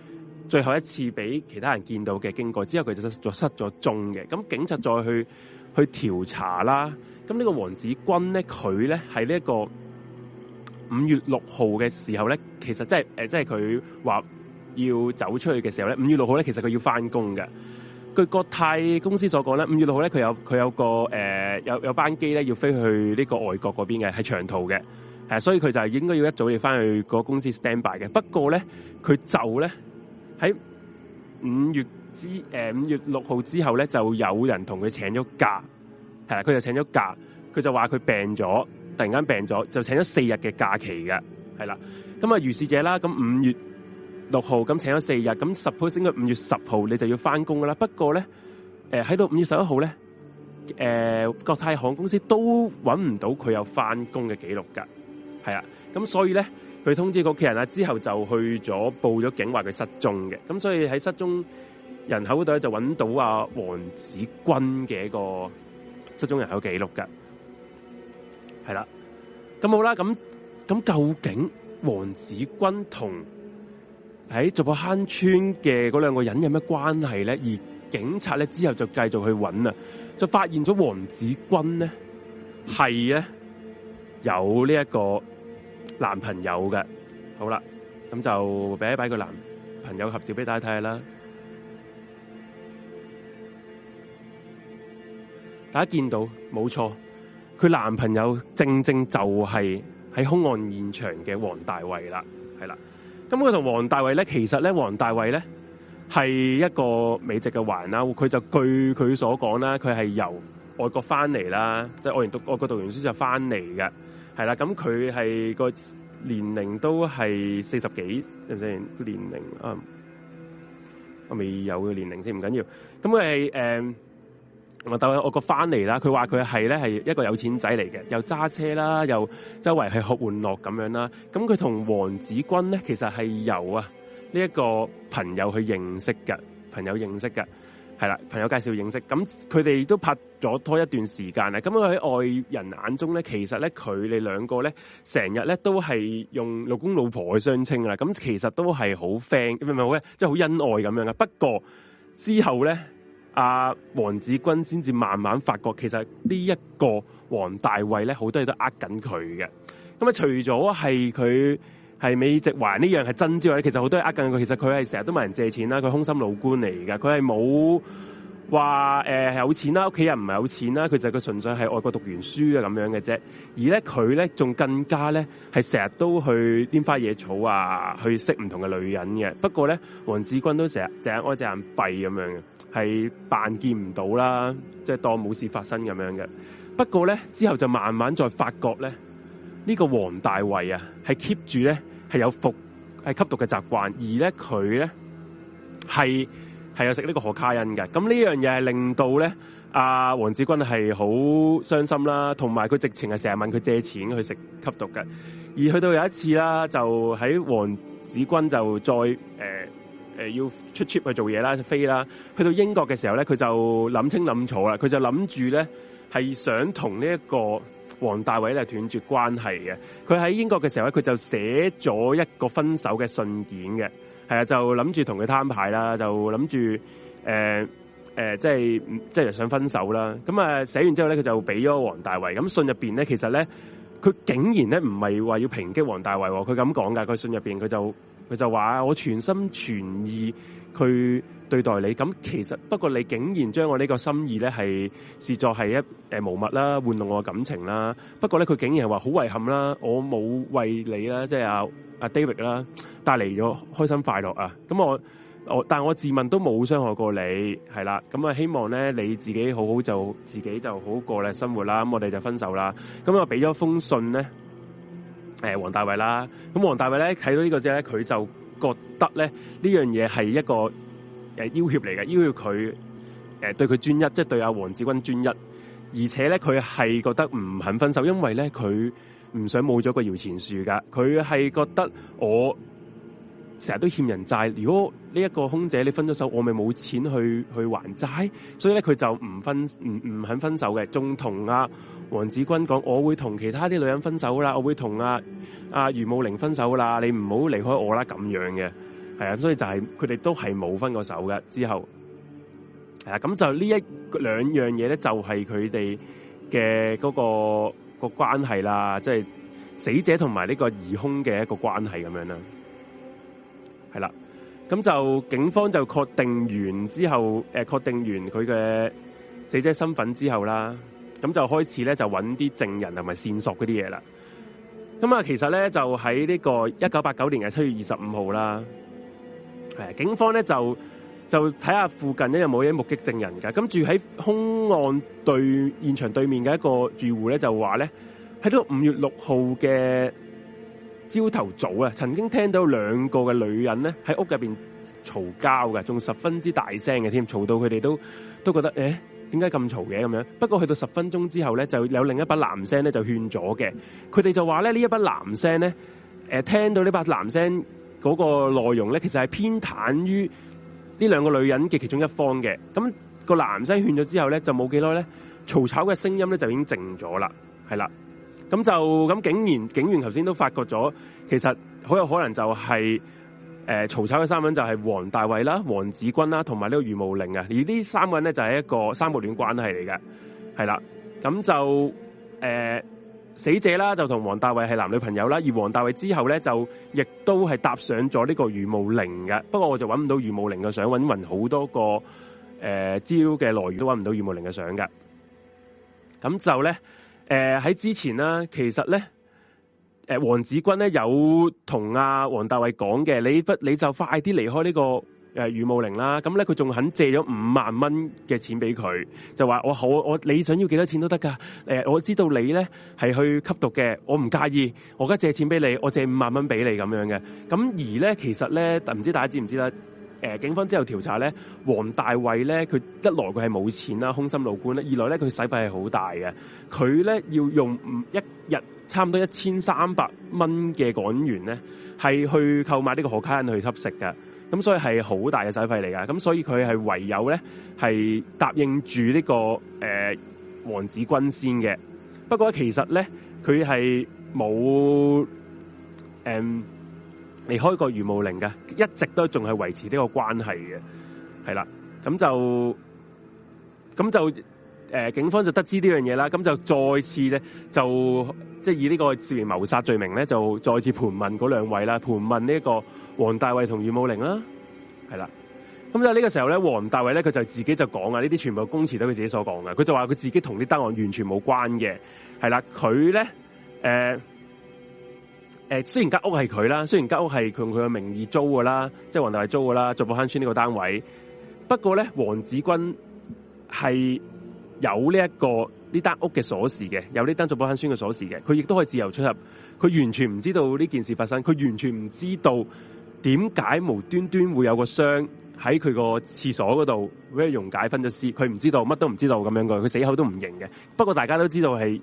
最後一次俾其他人見到嘅經過之後，佢就失失咗蹤嘅。咁警察再去去調查啦。咁呢個黃子君咧，佢咧係呢一個五月六號嘅時候咧，其實即係誒，即係佢話要走出去嘅時候咧。五月六號咧，其實佢要翻工嘅。據國泰公司所講咧，五月六號咧，佢有佢有個誒、呃、有有班機咧，要飛去呢個外國嗰邊嘅係長途嘅，係所以佢就係應該要一早要翻去個公司 stand by 嘅。不過咧，佢就咧。喺五月之誒五、呃、月六號之後咧，就有人同佢請咗假，係啦，佢就請咗假，佢就話佢病咗，突然間病咗，就請咗四日嘅假期嘅，係啦，咁啊如是者啦，咁五月六號咁請咗四日，咁 suppose 應該五月十號你就要翻工噶啦，不過咧，誒、呃、喺到五月十一號咧，誒、呃、國泰航空公司都揾唔到佢有翻工嘅記錄噶，係啊，咁所以咧。佢通知個屋企人啊，之後就去咗報咗警，話佢失蹤嘅。咁所以喺失蹤人口度咧，就揾到啊黃子君嘅一個失蹤人口記錄噶。係啦，咁好啦，咁咁究竟黃子君同喺竹個坑村嘅嗰兩個人有咩關係咧？而警察咧之後就繼續去揾啊，就發現咗黃子君咧係啊，有呢、這、一個。男朋友嘅，好啦，咁就俾一擺個男朋友合照俾大家睇下啦。大家見到冇錯，佢男朋友正正就係喺凶案現場嘅黃大衛啦，係啦。咁佢同黃大衛咧，其實咧黃大衛咧係一個美籍嘅華人，佢就據佢所講啦，佢係由外國翻嚟啦，即係外國讀外國讀完書就翻嚟嘅。係啦，咁佢係個年齡都係四十幾，係咪先？年齡啊，我未有嘅年齡先唔緊要。咁佢係誒，我帶我個翻嚟啦。佢話佢係咧係一個有錢仔嚟嘅，又揸車啦，又周圍係學玩樂咁樣啦。咁佢同黃子君咧，其實係由啊呢一個朋友去認識嘅，朋友認識嘅。係啦，朋友介紹認識咁，佢哋都拍咗拖一段時間啦。咁佢喺外人眼中咧，其實咧佢哋兩個咧成日咧都係用老公老婆去相稱㗎啦。咁其實都係好 friend，唔好即係好恩愛咁樣嘅。不過之後咧，阿、啊、黃子君先至慢慢發覺，其實呢一個黃大衛咧，好多嘢都呃緊佢嘅。咁啊，除咗係佢。係美籍華呢樣係真之外咧，其實好多人呃緊佢。其實佢係成日都問人借錢啦，佢空心老官嚟㗎。佢係冇話誒有錢啦，屋企人唔係有錢啦，佢就係、是、佢純粹係外國讀完書嘅咁樣嘅啫。而咧佢咧仲更加咧係成日都去拈花惹草啊，去識唔同嘅女人嘅。不過咧，黃志軍都成日成日隻眼開隻眼閉咁樣嘅，係扮見唔到啦，即、就、係、是、當冇事發生咁樣嘅。不過咧之後就慢慢再發覺咧。呢個王大為啊，係 keep 住咧係有服係吸毒嘅習慣，而咧佢咧係係有食呢個何卡因嘅。咁呢樣嘢係令到咧阿黃子君係好傷心啦，同埋佢直情係成日問佢借錢去食吸毒嘅。而去到有一次啦，就喺黃子君就再誒誒、呃呃、要出 trip 去做嘢啦，飛啦，去到英國嘅時候咧，佢就諗清諗楚啦，佢就諗住咧係想同呢一、這個。黃大偉咧斷絕關係嘅，佢喺英國嘅時候咧，佢就寫咗一個分手嘅信件嘅，係啊，就諗住同佢攤牌啦，就諗住誒誒，即係即係想分手啦。咁啊，寫完之後咧，佢就俾咗黃大衛。咁信入邊咧，其實咧，佢竟然咧唔係話要抨擊黃大衛喎。佢咁講噶。佢信入邊佢就佢就話我全心全意佢。對待你咁，其實不過你竟然將我呢個心意咧，係視作係一誒無物啦，玩弄我嘅感情啦。不過咧，佢竟然係話好遺憾啦，我冇為你啦，即係阿阿 David 啦，帶嚟咗開心快樂啊。咁我我，但係我自問都冇傷害過你，係啦。咁啊，希望咧你自己好好就自己就好，好過咧生活啦。咁我哋就分手啦。咁我俾咗封信咧，係、呃、黃大衛啦。咁黃大衛咧睇到呢個之後咧，佢就覺得咧呢樣嘢係一個。誒，要挾嚟嘅，要挾佢，誒，對佢專一，即係對阿黃子君專一。而且咧，佢係覺得唔肯分手，因為咧，佢唔想冇咗個搖錢樹噶。佢係覺得我成日都欠人債，如果呢一個空姐你分咗手，我咪冇錢去去還債。所以咧，佢就唔分，唔唔肯分手嘅，仲同阿黃子君講：，我會同其他啲女人分手啦，我會同阿阿余慕玲分手啦，你唔好離開我啦，咁樣嘅。係啊，所以就係佢哋都係冇分過手嘅。之後係啊，咁就兩呢一兩樣嘢咧，就係佢哋嘅嗰個嗰、嗰個、關係啦，即、就、係、係、死者同埋呢個疑凶嘅一個關係咁樣啦。係啦，咁就警方就確定完之後，誒、呃，確定完佢嘅死者身份之後啦，咁就開始咧就揾啲證人同埋線索嗰啲嘢啦。咁啊，其實咧就喺呢個一九八九年嘅七月二十五號啦。警方咧就就睇下附近咧有冇嘢目擊證人㗎。咁住喺凶案對現場對面嘅一個住戶咧就話咧，喺呢個五月六號嘅朝頭早啊，曾經聽到兩個嘅女人咧喺屋入邊嘈交㗎，仲十分之大聲嘅添，嘈到佢哋都都覺得誒，點解咁嘈嘅，咁樣。不過去到十分鐘之後咧，就有另一班男聲咧就勸咗嘅。佢哋就話咧呢一班男聲咧，誒、呃、聽到呢班男聲，嗰個內容咧，其實係偏袒於呢兩個女人嘅其中一方嘅。咁、那個男仔勸咗之後咧，就冇幾耐咧，嘈吵嘅聲音咧就已經靜咗啦，係啦。咁就咁警員警員頭先都發覺咗，其實好有可能就係誒嘈吵嘅三個人就係黃大衛啦、黃子君啦同埋呢個余慕玲啊。而這三呢三個人咧就係、是、一個三角戀關係嚟嘅，係啦。咁就誒。呃死者啦就同黃大偉係男女朋友啦，而黃大偉之後咧就亦都係搭上咗呢個余慕玲嘅。不過我就揾唔到余慕玲嘅相，揾匀好多個誒資料嘅來源都揾唔到余慕玲嘅相嘅。咁就咧誒喺之前啦，其實咧誒黃子君咧有同阿黃大偉講嘅，你不你就快啲離開呢、這個。誒馭霧靈啦，咁咧佢仲肯借咗五萬蚊嘅錢俾佢，就話我我我你想要幾多錢都得噶。誒我知道你咧係去吸毒嘅，我唔介意，我而家借錢俾你，我借五萬蚊俾你咁樣嘅。咁而咧其實咧，唔知大家知唔知啦、呃？警方之後調查咧，黃大偉咧，佢一來佢係冇錢啦，空心老官，啦，二來咧佢使費係好大嘅，佢咧要用一日差唔多一千三百蚊嘅港元咧，係去購買呢個可卡因去吸食嘅。咁所以係好大嘅使費嚟噶，咁所以佢係唯有咧係答應住呢、這個誒、呃、王子君先嘅。不過其實咧佢係冇誒離開過余慕玲嘅，一直都仲係維持呢個關係嘅。係啦，咁就咁就誒、呃、警方就得知呢樣嘢啦，咁就再次咧就即係以呢個涉嫌謀殺罪名咧就再次盤問嗰兩位啦，盤問呢、這個。黃大衛同余慕玲啦，係啦，咁就呢個時候咧，黃大衛咧佢就自己就講啊，呢啲全部供詞都佢自己所講嘅，佢就話佢自己同啲單案完全冇關嘅，係啦，佢咧，誒、呃，誒、呃，雖然間屋係佢啦，雖然間屋係佢用佢嘅名義租嘅啦，即係黃大衛租嘅啦，竹寶坑村呢個單位，不過咧，黃子君係有呢一個呢單屋嘅鎖匙嘅，有呢單竹寶坑村嘅鎖匙嘅，佢亦都可以自由出入，佢完全唔知道呢件事發生，佢完全唔知道。點解無端端會有個傷喺佢個廁所嗰度俾溶解分咗屍？佢唔知道，乜都唔知道咁樣嘅，佢死口都唔認嘅。不過大家都知道係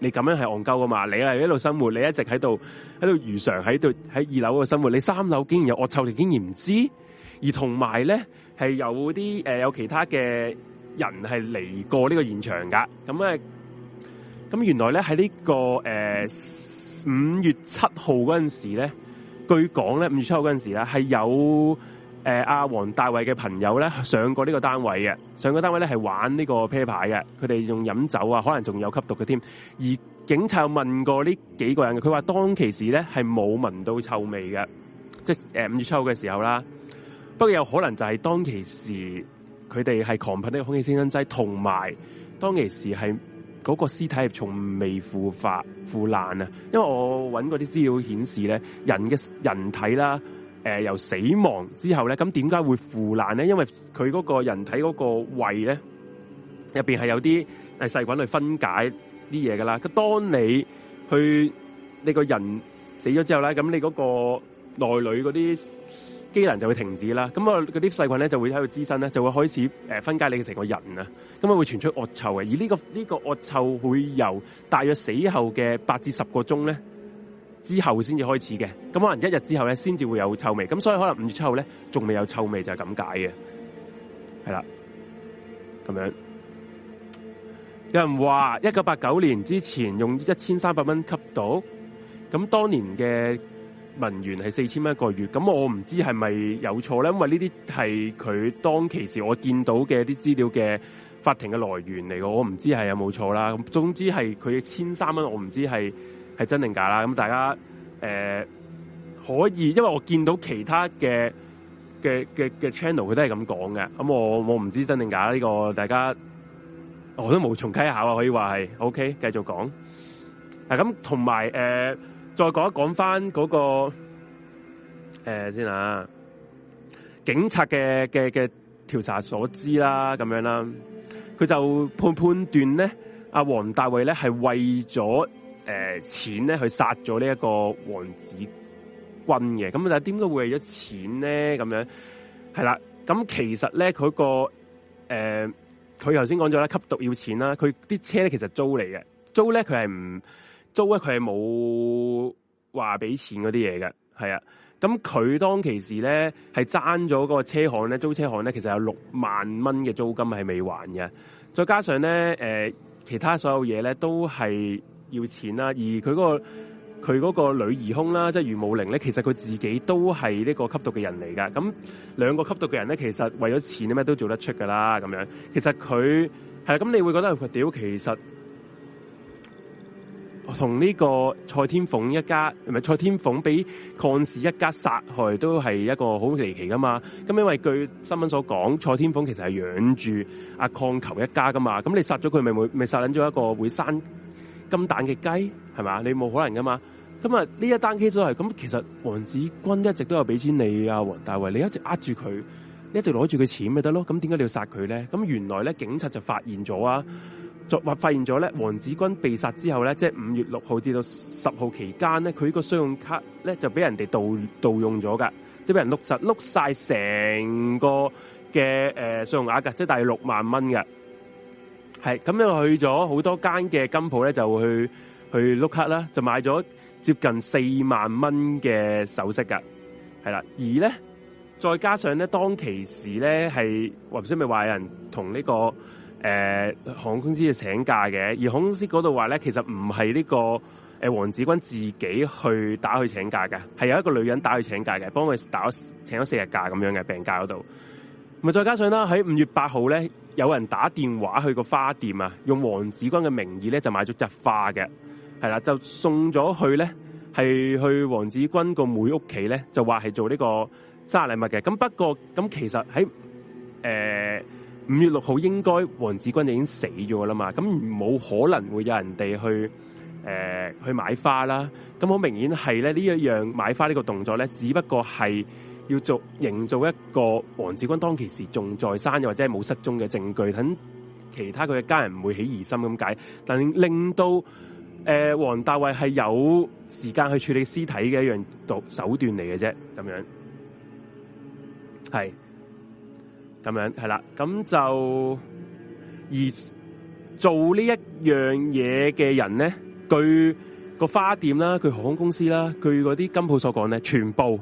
你咁樣係戇鳩㗎嘛！你係一路生活，你一直喺度喺度如常喺度喺二樓嘅生活，你三樓竟然有惡臭，你竟然唔知。而同埋咧係有啲有、呃、有其他嘅人係嚟過呢個現場㗎。咁咧咁原來咧喺呢、呢個誒五、呃、月七號嗰陣時咧。據講咧，五月初嗰陣時咧，係有誒阿黃大衛嘅朋友咧上過呢個單位嘅，上過單位咧係玩呢個啤牌嘅，佢哋仲飲酒啊，可能仲有吸毒嘅添。而警察有問過呢幾個人嘅，佢話當其時咧係冇聞到臭味嘅，即係誒五月初嘅時候啦。不過有可能就係當其時佢哋係狂噴呢個空氣清新劑，同埋當其時係。嗰個屍體係從未腐化腐爛啊！因為我揾嗰啲資料顯示咧，人嘅人體啦，誒、呃、由死亡之後咧，咁點解會腐爛咧？因為佢嗰個人體嗰個胃咧，入邊係有啲誒細菌去分解啲嘢噶啦。咁當你去你個人死咗之後咧，咁你嗰個內裏嗰啲。機能就會停止啦，咁啊嗰啲細菌咧就會喺度滋生咧，就會開始誒分解你成個人啊，咁啊會傳出惡臭嘅。而呢個呢個惡臭會由大約死後嘅八至十個鐘咧之後先至開始嘅，咁可能一日之後咧先至會有臭味，咁所以可能五月七號咧仲未有臭味就係咁解嘅，係啦，咁樣。有人話一九八九年之前用一千三百蚊吸到，咁當年嘅。文員係四千蚊一個月，咁我唔知係咪有錯咧，因為呢啲係佢當其時我見到嘅啲資料嘅法庭嘅來源嚟嘅，我唔知係有冇錯啦。咁總之係佢千三蚊，我唔知係係真定假啦。咁大家誒、呃、可以，因為我見到其他嘅嘅嘅嘅 channel 佢都係咁講嘅，咁我我唔知真定假呢、呢個，大家我都無從稽考啊，可以話係 OK，繼續講。啊，咁同埋誒。呃再講一講翻嗰個、呃、先啦、啊，警察嘅嘅嘅調查所知啦，咁樣、啊呃、為為樣啦，佢就判判斷咧，阿黃大衛咧係為咗誒錢咧去殺咗呢一個王子君嘅。咁但係點解會為咗錢咧？咁樣係啦。咁其實咧，佢、那個誒，佢頭先講咗啦，吸毒要錢啦。佢啲車咧其實租嚟嘅，租咧佢係唔。租咧佢係冇話俾錢嗰啲嘢嘅，係啊，咁佢當其時咧係爭咗嗰個車行咧，租車行咧其實有六萬蚊嘅租金係未還嘅，再加上咧、呃、其他所有嘢咧都係要錢啦，而佢嗰個佢嗰個女兒兇啦，即係余慕玲咧，其實佢自己都係呢個吸毒嘅人嚟噶，咁兩個吸毒嘅人咧，其實為咗錢咧咩都做得出噶啦，咁樣其實佢係咁你會覺得佢屌其實。同呢個蔡天鳳一家，唔係蔡天鳳俾鄺氏一家殺害，都係一個好離奇噶嘛。咁因為據新聞所講，蔡天鳳其實係養住阿鄺球一家噶嘛。咁你殺咗佢，咪會咪殺撚咗一個會生金蛋嘅雞係咪？你冇可能噶嘛。咁啊呢一單 case 都係咁，其實黃子君一直都有俾錢你啊，黃大衛你一直呃住佢，你一直攞住佢錢咪得咯。咁點解你要殺佢咧？咁原來咧警察就發現咗啊！作發現咗咧，黃子君被殺之後咧，即係五月六號至到十號期間咧，佢呢個信用卡咧就俾人哋盜盜用咗噶，即係俾人碌實碌晒成個嘅誒信用額噶，即係大概六萬蚊嘅。係咁，又去咗好多間嘅金鋪咧，就去去碌卡啦，就買咗接近四萬蚊嘅首飾噶。係啦，而咧再加上咧，當其時咧係話唔知咪話有人同呢個。誒、呃、航空公司請假嘅，而航空公司嗰度話咧，其實唔係呢個誒、呃、王子君自己去打去請假嘅，係有一個女人打去請假嘅，幫佢打了請咗四日假咁樣嘅病假嗰度。咪再加上啦，喺五月八號咧，有人打電話去個花店啊，用王子君嘅名義咧就買咗扎花嘅，係啦，就送咗去咧，係去王子君個妹屋企咧，就話係做呢個生日禮物嘅。咁不過咁其實喺誒。呃五月六號應該黃子君已經死咗啦嘛，咁冇可能會有人哋去誒、呃、去買花啦，咁好明顯係咧呢一樣買花呢個動作咧，只不過係要做營造一個黃子君當其時仲在生又或者係冇失蹤嘅證據，等其他佢嘅家人唔會起疑心咁解，但令到誒黃、呃、大衛係有時間去處理屍體嘅一樣手段嚟嘅啫，咁樣係。咁樣係啦，咁就而做呢一樣嘢嘅人咧，佢個花店啦，佢航空公司啦，佢嗰啲金鋪所講咧，全部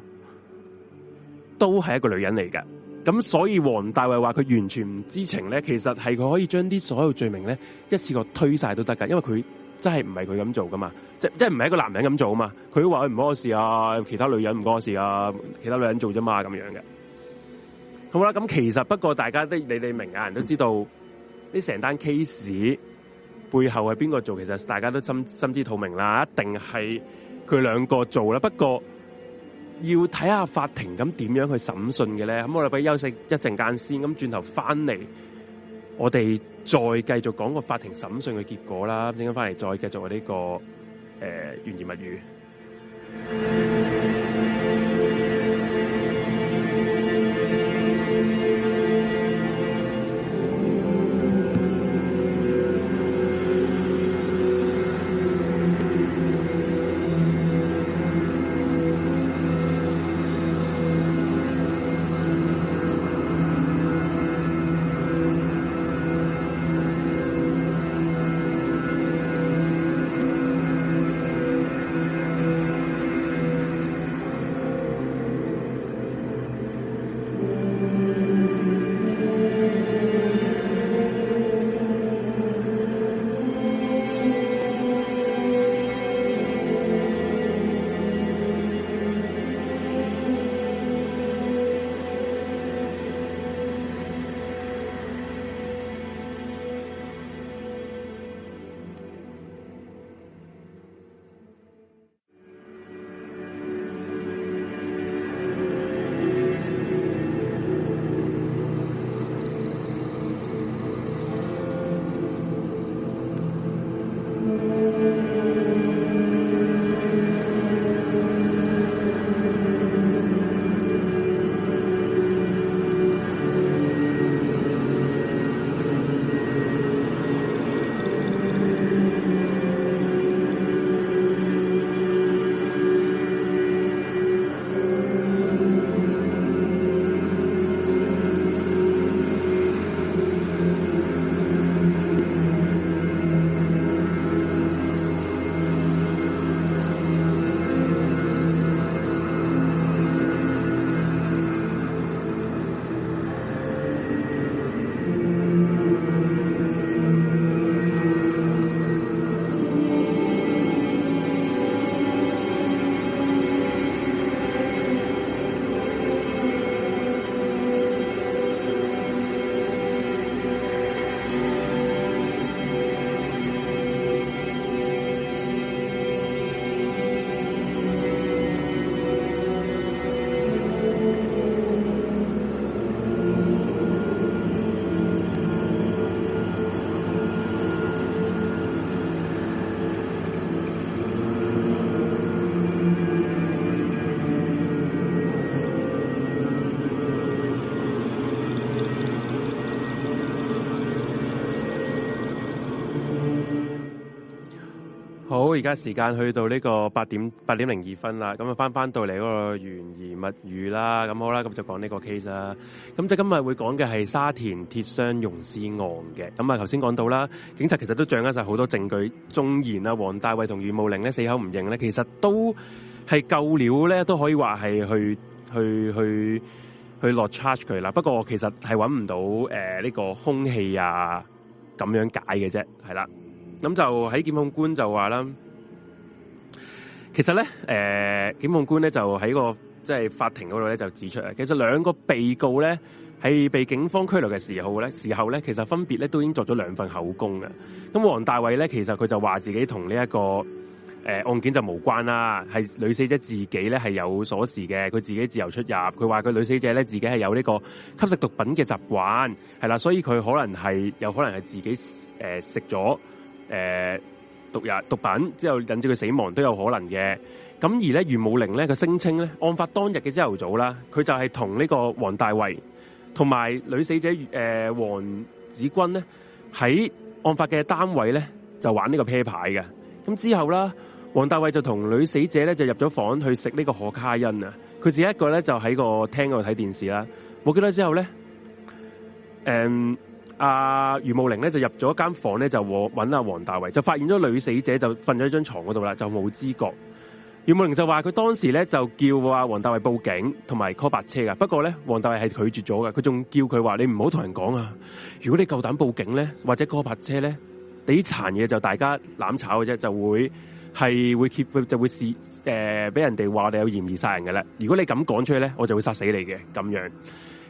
都係一個女人嚟㗎。咁所以黃大衛話佢完全唔知情咧，其實係佢可以將啲所有罪名咧，一次過推晒都得噶。因為佢真係唔係佢咁做噶嘛，即係即係唔係一個男人咁做啊嘛。佢話佢唔關我事啊，其他女人唔關我事啊，其他女人做啫嘛，咁樣嘅。好啦，咁其實不過，大家都，你哋明眼人都知道呢成單 case 背後係邊個做，其實大家都心心知肚明啦，一定係佢兩個做啦。不過要睇下法庭咁點樣去審訊嘅咧。咁我哋會休息一陣間先，咁轉頭翻嚟我哋再繼續講個法庭審訊嘅結果啦。咁陣間翻嚟再繼續我呢、呢個誒懸疑物語。 *music* 而家時間去到呢個八點八點零二分啦，咁啊翻翻到嚟嗰個懸疑物語啦，咁好啦，咁就講呢個 case 啦。咁即係今日會講嘅係沙田鐵箱融屍案嘅。咁啊頭先講到啦，警察其實都掌握晒好多證據，縱然啊黃大衛同余慕玲咧死口唔認咧，其實都係夠料咧，都可以話係去去去去落 charge 佢啦。不過其實係揾唔到誒呢、呃呢個兇器啊，咁樣解嘅啫，係啦。咁就喺檢控官就話啦，其實咧，誒、呃，檢控官咧就喺個即係、就是、法庭嗰度咧就指出啊，其實兩個被告咧係被警方拘留嘅時候咧，時候咧，其實分別咧都已經作咗兩份口供嘅。咁黃大衛咧，其實佢就話自己同呢一個誒、呃、案件就無關啦。係女死者自己咧係有鎖匙嘅，佢自己自由出入。佢話佢女死者咧自己係有呢個吸食毒品嘅習慣係啦，所以佢可能係有可能係自己誒食咗。呃誒，毒藥、毒品之後引致佢死亡都有可能嘅。咁而咧袁慕玲咧，佢聲稱咧，案發當日嘅朝頭早啦，佢就係同呢個黃大衛同埋女死者誒黃、呃、子君咧，喺案發嘅單位咧就玩呢個啤牌嘅。咁之後啦，黃大衛就同女死者咧就入咗房去食呢個可卡因啊。佢自己一個咧就喺個廳度睇電視啦。冇幾耐之後咧，誒、嗯。阿、啊、余慕玲咧就入咗一間房咧，就搵阿黃大衛就發現咗女死者就瞓咗喺張床嗰度啦，就冇知覺。余慕玲就話佢當時咧就叫阿黃大衛報警同埋 call 白車噶不過咧黃大衛係拒絕咗㗎。佢仲叫佢話，你唔好同人講啊，如果你夠膽報警咧或者 call 白車咧，你啲殘嘢就大家攬炒嘅啫，就會係會 keep 就會試誒俾人哋話我有嫌疑殺人㗎啦，如果你咁講出去咧，我就會殺死你嘅咁樣。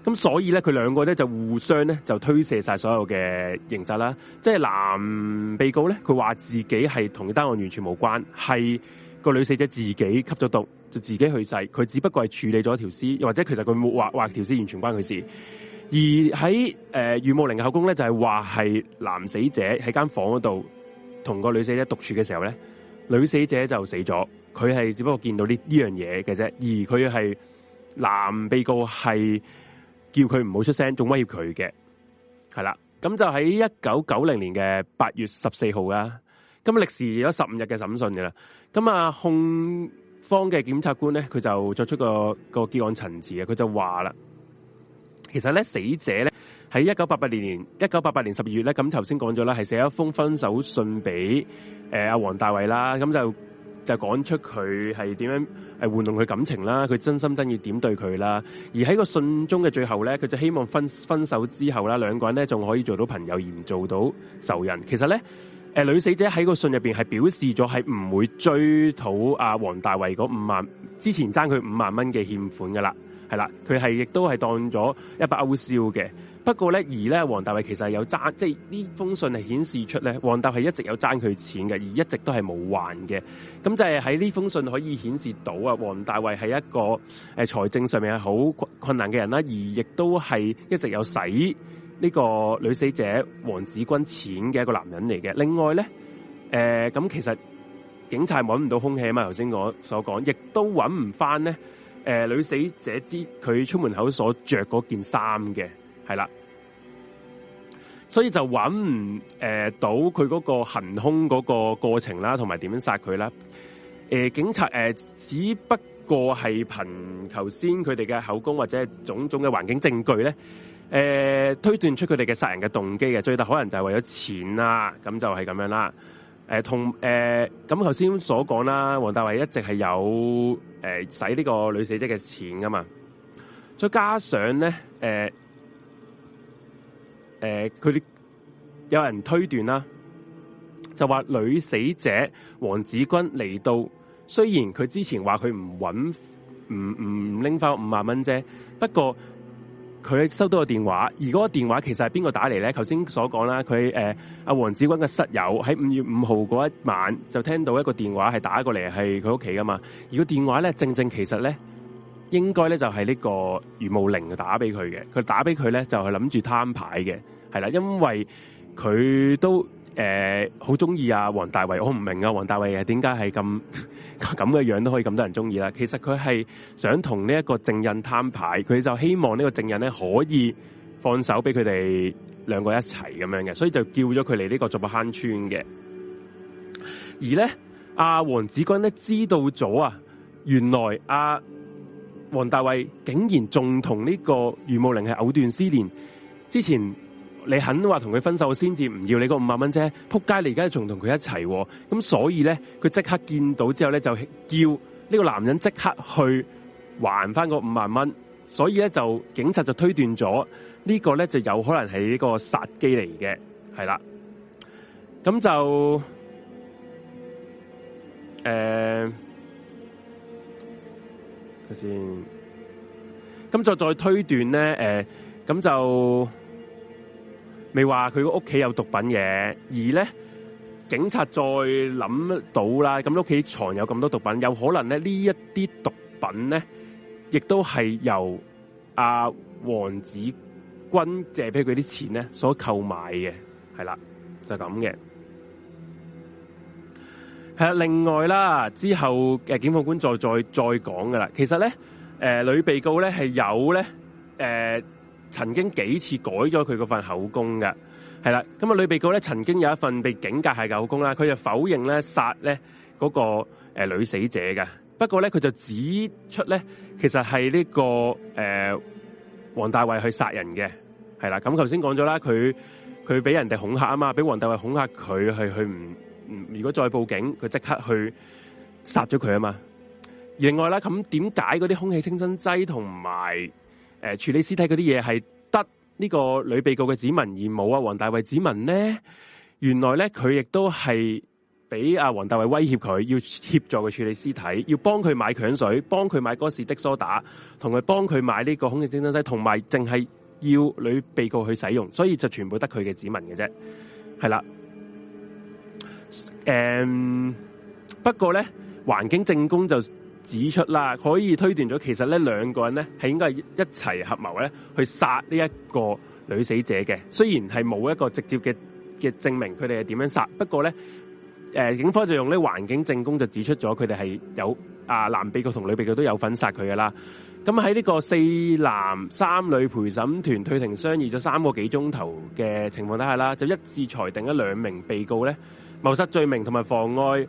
咁所以咧，佢兩個咧就互相咧就推卸晒所有嘅刑責啦。即係男被告咧，佢話自己係同單案完全無關，係個女死者自己吸咗毒就自己去世。佢只不過係處理咗條屍，又或者其實佢冇話話條屍完全關佢事。而喺誒俞慕寧嘅口供咧，就係話係男死者喺間房嗰度同個女死者獨處嘅時候咧，女死者就死咗。佢係只不過見到呢呢樣嘢嘅啫，而佢係男被告係。叫佢唔好出聲，仲威脅佢嘅，係啦。咁就喺一九九零年嘅八月十四號啦。咁歷時有十五日嘅審訊嘅啦。咁啊，控方嘅檢察官咧，佢就作出個個結案陳詞啊，佢就話啦，其實咧，死者咧喺一九八八年一九八八年十二月咧，咁頭先講咗啦，係寫一封分手信俾誒阿黃大衛啦，咁就。就講出佢係點樣誒玩弄佢感情啦，佢真心真意點對佢啦，而喺個信中嘅最後咧，佢就希望分分手之後啦，兩個人咧仲可以做到朋友而唔做到仇人。其實咧、呃，女死者喺個信入面係表示咗係唔會追討阿黃大衛嗰五萬之前爭佢五萬蚊嘅欠款噶啦，係啦，佢係亦都係當咗一筆歐銷嘅。不過咧，而咧，黃大衛其實係有爭，即係呢封信係顯示出咧，黃大衛一直有爭佢錢嘅，而一直都係冇還嘅。咁就係喺呢封信可以顯示到啊，黃大衛係一個、呃、財政上面係好困難嘅人啦、啊，而亦都係一直有使呢個女死者黃子君錢嘅一個男人嚟嘅。另外咧，誒、呃、咁其實警察揾唔到空氣啊嘛，頭先我所講亦都揾唔翻咧女死者之佢出門口所著嗰件衫嘅。係啦，所以就揾唔誒到佢嗰、呃、個行凶嗰個過程啦，同埋點樣殺佢啦。誒、呃，警察誒、呃、只不過係憑頭先佢哋嘅口供或者種種嘅環境證據咧，誒、呃、推斷出佢哋嘅殺人嘅動機嘅，最大可能就係為咗錢啦、啊，咁就係咁樣啦。誒、呃、同誒咁頭先所講啦，黃大衛一直係有誒使呢個女死者嘅錢噶嘛，再加上咧誒。呃誒，佢哋、呃、有人推斷啦，就話女死者黃子君嚟到，雖然佢之前話佢唔揾唔唔拎翻五萬蚊啫，不過佢收到個電話，而個電話其實係邊個打嚟咧？頭先所講啦，佢誒阿黃子君嘅室友喺五月五號嗰一晚就聽到一個電話係打過嚟，係佢屋企噶嘛，而個電話咧正正其實咧。應該咧就係呢個余慕玲打俾佢嘅，佢打俾佢咧就係諗住攤牌嘅，係啦，因為佢都誒好中意阿黃大衛，我唔明啊黃大衛啊點解係咁咁嘅樣都可以咁多人中意啦。其實佢係想同呢一個證人攤牌，佢就希望呢個證人咧可以放手俾佢哋兩個一齊咁樣嘅，所以就叫咗佢嚟呢個作客坑村嘅。而咧阿黃子君咧知道咗啊，原來阿、啊。黃大衛竟然仲同呢個余慕玲係藕斷絲連，之前你肯話同佢分手先至唔要你個五萬蚊啫，撲街你而家仲同佢一齊、哦，咁所以咧，佢即刻見到之後咧就叫呢個男人即刻去還翻個五萬蚊，所以咧就警察就推斷咗、這個、呢個咧就有可能係一個殺機嚟嘅，係啦，咁就誒。呃先咁再再推斷咧，誒、呃，咁就未話佢屋企有毒品嘢，而咧警察再諗到啦，咁屋企藏有咁多毒品，有可能咧呢一啲毒品咧，亦都係由阿、啊、黃子君借俾佢啲錢咧所購買嘅，係啦，就咁、是、嘅。係 *noise* 另外啦，之後嘅檢控官再再再講噶啦。其實咧，誒女被告咧係有咧，誒、呃呃、曾經幾次改咗佢嗰份口供噶，係啦。咁啊女被告咧曾經有一份被警戒下嘅口供啦，佢就否認咧殺咧嗰個誒女死者嘅。不過咧佢就指出咧，其實係呢、這個誒、呃、黃大衛去殺人嘅，係啦。咁頭先講咗啦，佢佢俾人哋恐嚇啊嘛，俾黃大衛恐嚇佢係去唔。如果再報警，佢即刻去殺咗佢啊嘛！另外啦，咁點解嗰啲空氣清新劑同埋誒處理屍體嗰啲嘢係得呢個女被告嘅指紋而冇啊黃大衛指紋呢？原來咧佢亦都係俾阿黃大衛威脅佢，要協助佢處理屍體，要幫佢買強水，幫佢買哥士的梳打，同佢幫佢買呢個空氣清新劑，同埋淨係要女被告去使用，所以就全部得佢嘅指紋嘅啫，係啦。誒、嗯，不過咧，環境證供就指出啦，可以推斷咗，其實呢兩個人咧係應該係一齊合謀咧，去殺呢一個女死者嘅。雖然係冇一個直接嘅嘅證明，佢哋係點樣殺，不過咧，誒、呃，警方就用呢環境證供就指出咗，佢哋係有啊男被告同女被告都有份殺佢噶啦。咁喺呢個四男三女陪審團退庭商議咗三個幾鐘頭嘅情況底下啦，就一致裁定咗兩名被告咧，謀殺罪名同埋妨礙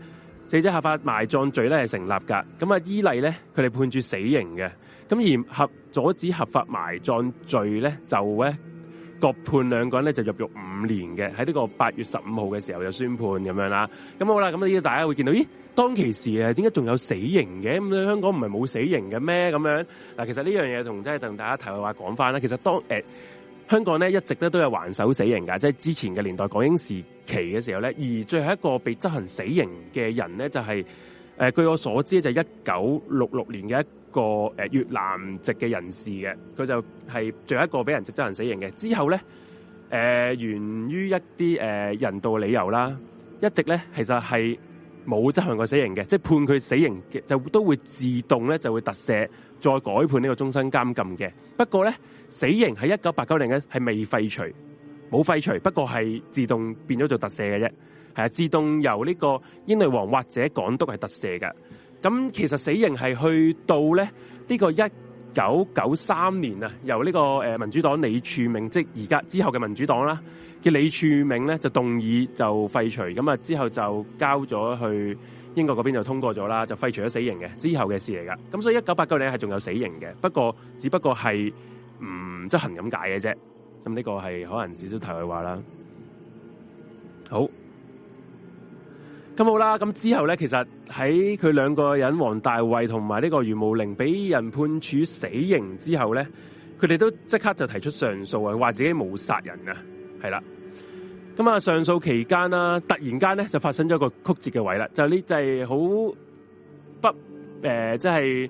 死者合法埋葬罪咧係成立噶，咁啊依例咧，佢哋判處死刑嘅，咁而合阻止合法埋葬罪咧就咧各判兩個人咧就入獄五年嘅，喺呢個八月十五號嘅時候就宣判咁樣啦。咁好啦，咁呢啲大家會見到，咦，當其時啊，點解仲有死刑嘅？咁你香港唔係冇死刑嘅咩？咁樣嗱，其實呢樣嘢同真係同大家提齊話講翻啦。其實當誒。呃香港咧一直咧都有還手死刑嘅，即、就、係、是、之前嘅年代港英時期嘅時候咧。而最後一個被執行死刑嘅人咧、就是，就係誒據我所知就係一九六六年嘅一個越南籍嘅人士嘅，佢就係最後一個俾人執行死刑嘅。之後咧，誒、呃、源於一啲、呃、人道理由啦，一直咧其實係。冇執行過死刑嘅，即係判佢死刑嘅就都會自動咧就會特赦，再改判呢個終身監禁嘅。不過咧，死刑喺一九八九年咧係未廢除，冇廢除，不過係自動變咗做特赦嘅啫。係啊，自動由呢個英女王或者港督係特赦嘅。咁其實死刑係去到咧呢個一。九九三年啊，由呢個誒民主黨李柱銘即係而家之後嘅民主黨啦，叫李柱銘咧就動議就廢除，咁啊之後就交咗去英國嗰邊就通過咗啦，就廢除咗死刑嘅之後嘅事嚟㗎。咁所以一九八九年係仲有死刑嘅，不過只不過係唔執行咁解嘅啫。咁呢個係可能少少題外話啦。好。咁好啦，咁之後咧，其實喺佢兩個人黃大衛同埋呢個余慕玲俾人判處死刑之後咧，佢哋都即刻就提出上訴啊，話自己冇殺人啊，係啦。咁啊，上訴期間啦，突然間咧就發生咗一個曲折嘅位啦，就呢、是呃、就係、是、好不誒，即係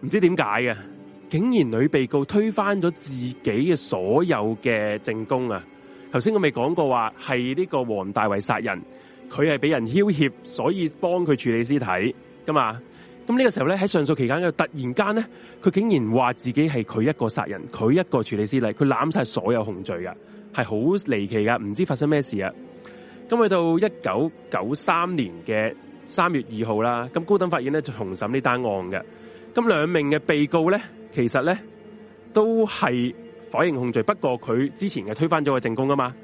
唔知點解啊，竟然女被告推翻咗自己嘅所有嘅證供啊！頭先我未講過話係呢個黃大衛殺人。佢係俾人要挾，所以幫佢處理屍體噶嘛？咁呢個時候咧，喺上訴期間嘅突然間咧，佢竟然話自己係佢一個殺人，佢一個處理屍體，佢攬晒所有控罪噶，係好離奇噶，唔知發生咩事啊！咁去到一九九三年嘅三月二號啦，咁高等法院咧就重審呢單案嘅。咁兩名嘅被告咧，其實咧都係否認控罪，不過佢之前係推翻咗個證供噶嘛。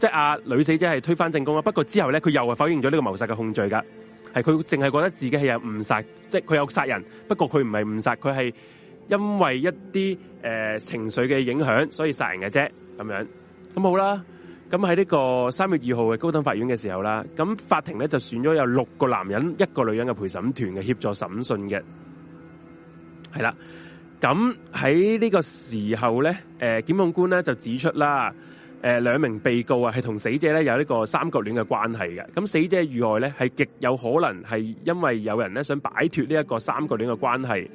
即係、啊、阿女死者係推翻證供，不過之後咧佢又否認咗呢個謀殺嘅控罪噶，係佢淨係覺得自己係有誤殺，即係佢有殺人，不過佢唔係誤殺，佢係因為一啲誒、呃、情緒嘅影響，所以殺人嘅啫咁樣。咁好啦，咁喺呢個三月二號嘅高等法院嘅時候啦，咁法庭咧就選咗有六個男人、一個女人嘅陪審團嘅協助審訊嘅，係啦。咁喺呢個時候咧，誒、呃、檢控官咧就指出啦。誒、呃、兩名被告啊，係同死者咧有呢個三角戀嘅關係嘅。咁死者遇害咧，係極有可能係因為有人咧想擺脫呢一個三角戀嘅關，關係，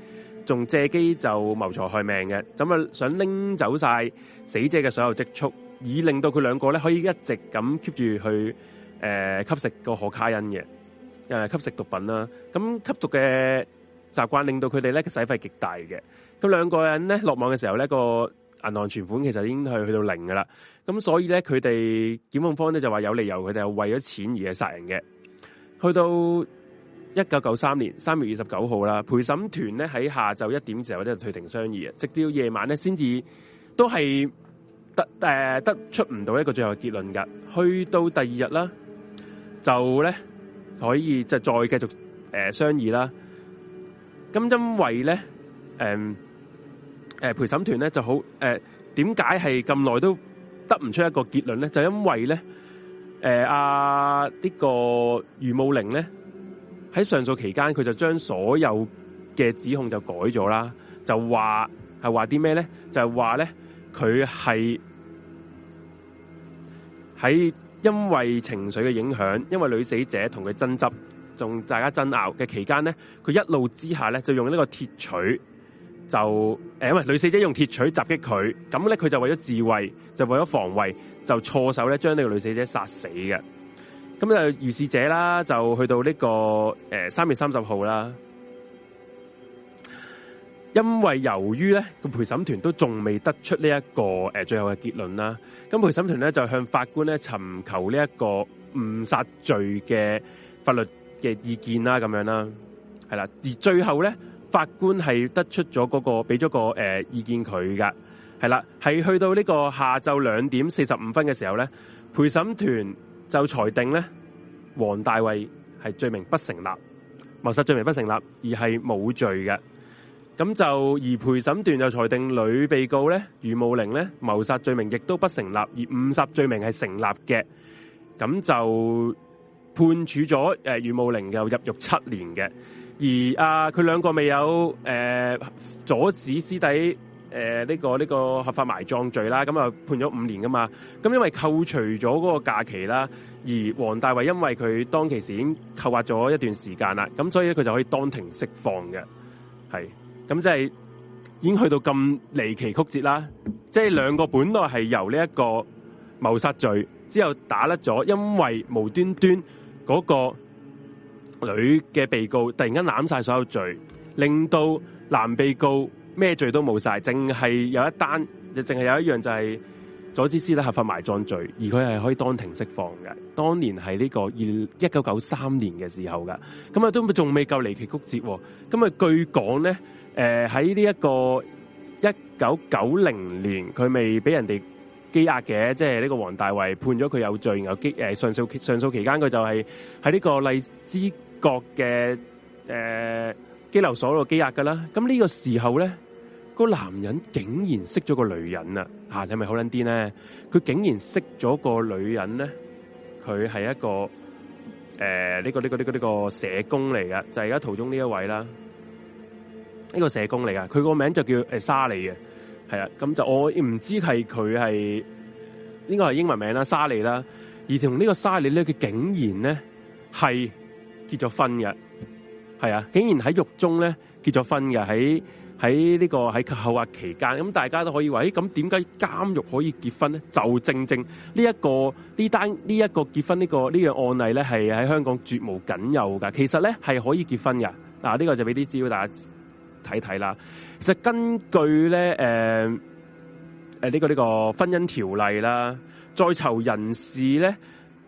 仲借機就謀財害命嘅。咁啊，想拎走晒死者嘅所有積蓄，以令到佢兩個咧可以一直咁 keep 住去誒、呃、吸食個可卡因嘅，誒、呃、吸食毒品啦、啊。咁吸毒嘅習慣令到佢哋咧使費極大嘅。咁兩個人咧落網嘅時候咧、嗰個。銀行存款其實已經係去到零噶啦，咁所以咧，佢哋檢控方咧就話有理由，佢哋係為咗錢而係殺人嘅。去到一九九三年三月二十九號啦，陪審團咧喺下晝一點之後咧就退庭商議，直到夜晚咧先至都係得誒、呃、得出唔到一個最後結論噶。去到第二日啦，就咧可以就是、再繼續誒、呃、商議啦。咁因為咧誒。呃誒、呃、陪審團咧就好誒，點解係咁耐都得唔出一個結論咧？就因為咧，誒阿呢個余慕玲咧喺上訴期間，佢就將所有嘅指控就改咗啦，就話係話啲咩咧？就係話咧，佢係喺因為情緒嘅影響，因為女死者同佢爭執，仲大家爭拗嘅期間咧，佢一怒之下咧就用呢個鐵錘。就誒因為女死者用鐵錘襲擊佢，咁咧佢就為咗自衛，就為咗防衛，就錯手咧將呢個女死者殺死嘅。咁就如是者啦，就去到呢個誒三月三十號啦。因為由於咧個陪審團都仲未得出呢一個誒最後嘅結論啦，咁陪審團咧就向法官咧尋求呢一個誤殺罪嘅法律嘅意見啦，咁樣啦，係啦，而最後咧。法官係得出咗嗰、那個，俾咗個誒、呃、意見佢噶，係啦，係去到呢個下晝兩點四十五分嘅時候咧，陪審團就裁定咧，黃大衛係罪名不成立，謀殺罪名不成立，而係冇罪嘅。咁就而陪審團就裁定女被告咧，余慕玲咧，謀殺罪名亦都不成立，而誤殺罪名係成立嘅。咁就判處咗誒、呃、余慕玲又入獄七年嘅。而啊，佢兩個未有誒、呃、阻止屍體誒呢個呢、這個合法埋葬罪啦，咁啊判咗五年噶嘛。咁因為扣除咗嗰個假期啦，而黃大衛因為佢當其時已經扣押咗一段時間啦，咁所以佢就可以當庭釋放嘅。係咁即係已經去到咁離奇曲折啦，即、就、係、是、兩個本來係由呢一個謀殺罪之後打甩咗，因為無端端嗰、那個。女嘅被告突然間攬晒所有罪，令到男被告咩罪都冇晒，淨係有一單，就淨係有一樣就係阻止屍體，合法埋葬罪、罪，而佢係可以當庭釋放嘅。當年係呢個二一九九三年嘅時候噶，咁啊都仲未夠離奇曲折，咁啊據講咧，誒喺呢一個一九九零年，佢未俾人哋羈押嘅，即係呢個黃大衛判咗佢有罪，然後激誒上訴，上訴期間佢就係喺呢個荔枝。各嘅誒，拘、呃、留所度羈押噶啦。咁呢個時候咧，個男人竟然識咗個女人啊。吓，係咪好捻癲咧？佢竟然識咗個女人咧，佢係一個誒，呢、呃這個呢、這個呢、這個呢、就是這個社工嚟噶，就係而家圖中呢一位啦。呢個社工嚟噶，佢個名就叫誒、欸、莎莉嘅。係啊，咁就我唔知係佢係應該係英文名啦，莎莉啦。而同呢個莎莉咧，佢竟然咧係。結咗婚嘅，係啊！竟然喺獄中咧結咗婚嘅，喺喺呢個喺扣押期間，咁大家都可以話：，誒、哎，咁點解監獄可以結婚咧？就正正呢、呢、一個呢、呢個、單呢一、呢個結婚呢、呢個呢樣、呢個、案例咧，係喺香港絕無僅有噶。其實咧係可以結婚嘅，嗱、啊、呢、呢個就俾啲資料大家睇睇啦。其實根據咧，誒、呃，誒、呃、呢、呢個呢、呢個婚姻條例啦，在囚人士咧，誒、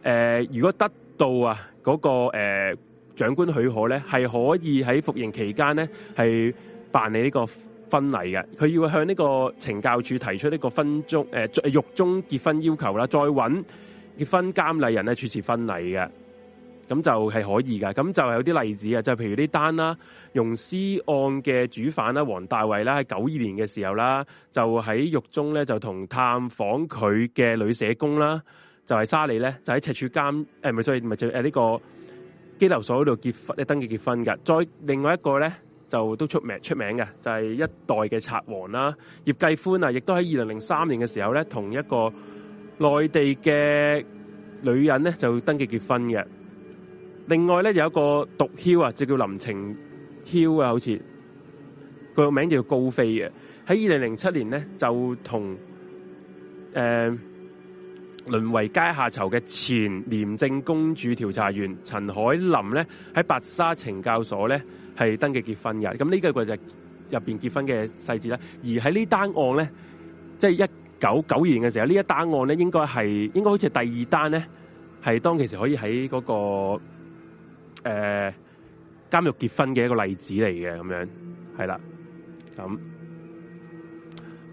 呃、如果得到啊嗰、嗰個誒。呃長官許可咧，係可以喺服刑期間咧，係辦理呢個婚禮嘅。佢要向呢個懲教處提出呢個婚中誒、呃、獄中結婚要求啦，再搵結婚監禮人咧主持婚禮嘅，咁就係可以㗎。咁就係有啲例子啊，就譬如啲單啦，容屍案嘅主犯啦，黃大衛啦，喺九二年嘅時候啦，就喺獄中咧就同探訪佢嘅女社工啦，就係、是、沙莉咧，就喺赤柱監誒，唔所以就呢個機樓所度結婚，咧登記結婚嘅。再另外一個咧，就都出名出名嘅，就係、是、一代嘅賊王啦、啊。葉繼歡啊，亦都喺二零零三年嘅時候咧，同一個內地嘅女人咧就登記結婚嘅。另外咧，有一個獨 h i 啊，就叫林晴 h i 啊，好似個名叫高飛嘅。喺二零零七年咧，就同誒。呃淪為階下囚嘅前廉政公署調查員陳海琳咧喺白沙懲教所咧係登記結婚嘅，咁呢個就入邊結婚嘅細節啦。而喺呢單案咧，即係一九九二年嘅時候，這呢一單案咧應該係應該好似係第二單咧，係當其時可以喺嗰、那個誒監獄結婚嘅一個例子嚟嘅，咁樣係啦，咁。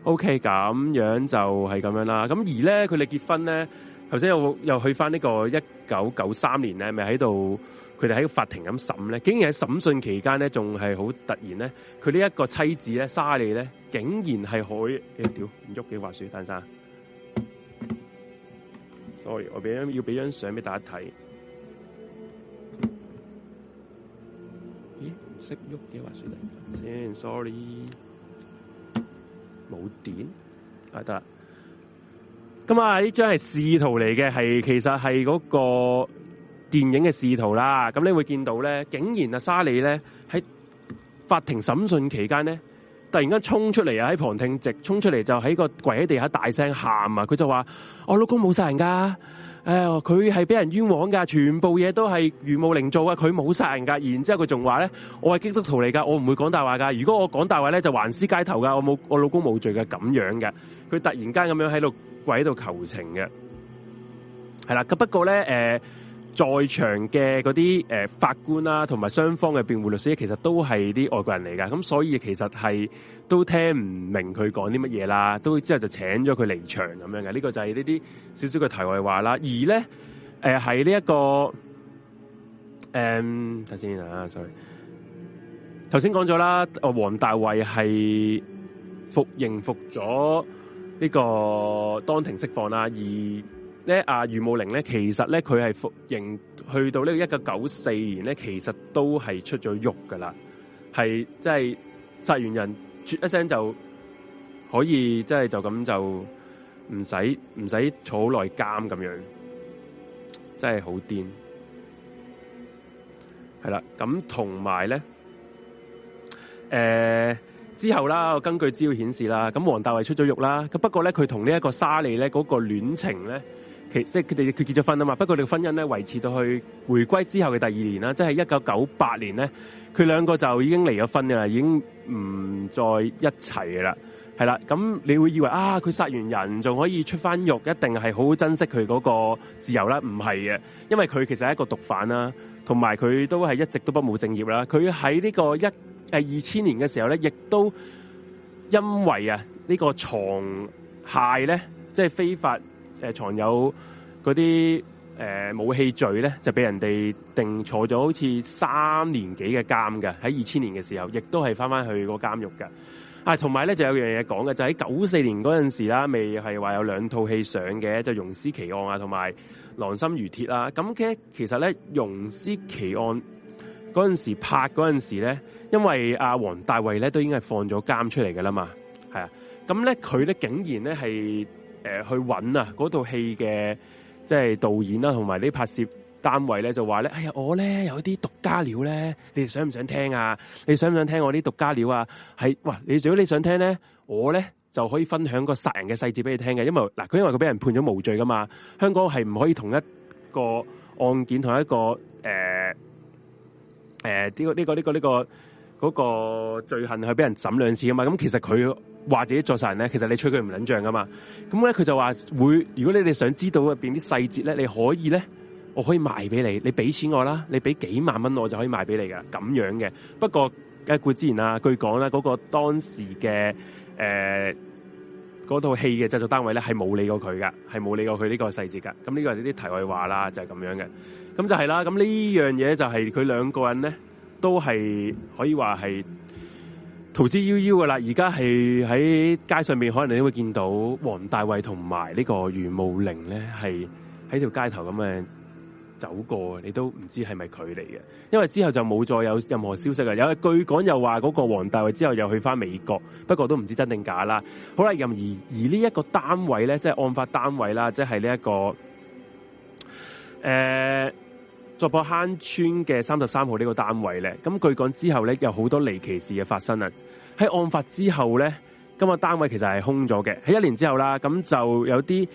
O.K. 咁樣就係咁樣啦。咁而咧，佢哋結婚咧，頭先又又去翻呢個一九九三年咧，咪喺度佢哋喺法庭咁審咧，竟然喺審訊期間咧，仲係好突然咧，佢呢一個妻子咧，沙莉咧，竟然係海誒，屌唔喐嘅滑雪登生。Sorry，我俾要俾張相俾大家睇。咦？唔識喐嘅滑雪的先，Sorry。冇電，係得啦。咁啊，呢張係視圖嚟嘅，係其實係嗰個電影嘅視圖啦。咁你會見到咧，竟然啊，沙莉咧喺法庭審訊期間咧，突然間衝出嚟啊，喺旁聽席衝出嚟就喺個跪喺地下大聲喊啊！佢就話：我老公冇殺人㗎。哎佢係俾人冤枉噶全部嘢都係余慕玲做啊，佢冇殺人噶然之後佢仲話咧，我係基督徒嚟噶我唔會講大話噶如果我講大話咧，就橫屍街頭噶我冇我老公冇罪噶咁樣嘅。佢突然間咁樣喺度跪喺度求情嘅，係啦。不過咧，誒、呃。在場嘅嗰啲誒法官啦、啊，同埋雙方嘅辯護律師，其實都係啲外國人嚟噶，咁所以其實係都聽唔明佢講啲乜嘢啦，都之後就請咗佢離場咁樣嘅，呢、呢個就係呢啲少少嘅題外話啦。而咧誒，喺呢一個誒，頭先啊，sorry，頭先講咗啦，啊，黃大衛係服刑服咗呢個當庭釋放啦，而。啊、余慕玲咧，其實咧佢係服刑去到個呢個一九九四年咧，其實都係出咗獄噶啦，係即係殺完人啜一聲就可以，即係就咁就唔使唔使坐好耐監咁樣，真係好癲。係啦，咁同埋咧，誒、呃、之後啦，我根據資料顯示啦，咁黃大衛出咗獄啦，咁不過咧佢同呢一個沙利咧嗰、那個戀情咧。其即係佢哋佢結咗婚啊嘛，不過佢哋婚姻咧維持到去回歸之後嘅第二年啦，即係一九九八年咧，佢兩個就已經離咗婚噶啦，已經唔再一齊噶啦，係啦，咁你會以為啊，佢殺完人仲可以出翻獄，一定係好好珍惜佢嗰個自由啦？唔係嘅，因為佢其實係一個毒販啦，同埋佢都係一直都不務正業啦。佢喺呢個一誒二千年嘅時候咧，亦都因為啊呢個藏械咧，即係非法。誒藏有嗰啲誒武器罪咧，就俾人哋定坐咗，好似三年幾嘅監嘅。喺二千年嘅時候，亦都係翻翻去個監獄嘅。啊，同埋咧，就有樣嘢講嘅，就喺九四年嗰陣時啦，未係話有兩套戲上嘅，就《溶屍奇案》啊，同埋《狼心如鐵》啊。咁嘅其實咧，《溶屍奇案》嗰陣時拍嗰陣時咧，因為阿、啊、黃大衛咧都已經係放咗監出嚟嘅啦嘛，係啊。咁咧佢咧竟然咧係。是誒，去揾啊！嗰套戲嘅即係導演啦，同埋呢啲拍攝單位咧，就話咧：哎呀，我咧有一啲獨家料咧，你哋想唔想聽啊？你想唔想聽我啲獨家料啊？係，哇！你如果你想聽咧，我咧就可以分享個殺人嘅細節俾你聽嘅。因為嗱，佢因為佢俾人判咗無罪㗎嘛，香港係唔可以同一個案件同一個誒誒，呢個呢個呢個呢個。這個這個嗰個罪行係俾人審兩次啊嘛，咁其實佢話自己作殺人咧，其實你吹佢唔撚脹噶嘛。咁咧佢就話會，如果你哋想知道入邊啲細節咧，你可以咧，我可以賣俾你，你俾錢我啦，你俾幾萬蚊我就可以賣俾你噶，咁樣嘅。不過誒，之前啊，據講咧，嗰個當時嘅嗰套戲嘅製作單位咧，係冇理過佢噶，係冇理過佢呢個細節噶。咁呢個係啲題外話啦，就係咁樣嘅。咁就係啦，咁呢樣嘢就係佢兩個人咧。都係可以話係逃之夭夭嘅啦，而家係喺街上面，可能你會見到黃大衛同埋呢個余慕玲咧，係喺條街頭咁樣走過，你都唔知係咪佢嚟嘅。因為之後就冇再有任何消息啦。有一據講又話嗰個黃大衛之後又去翻美國，不過都唔知道真定假啦。好啦，任而而呢一個單位咧，即係案發單位啦，即係呢一個誒。呃作破坑村嘅三十三號呢個單位咧，咁據講之後咧有好多離奇事嘅發生啊！喺案發之後咧，咁個單位其實係空咗嘅。喺一年之後啦，咁就有啲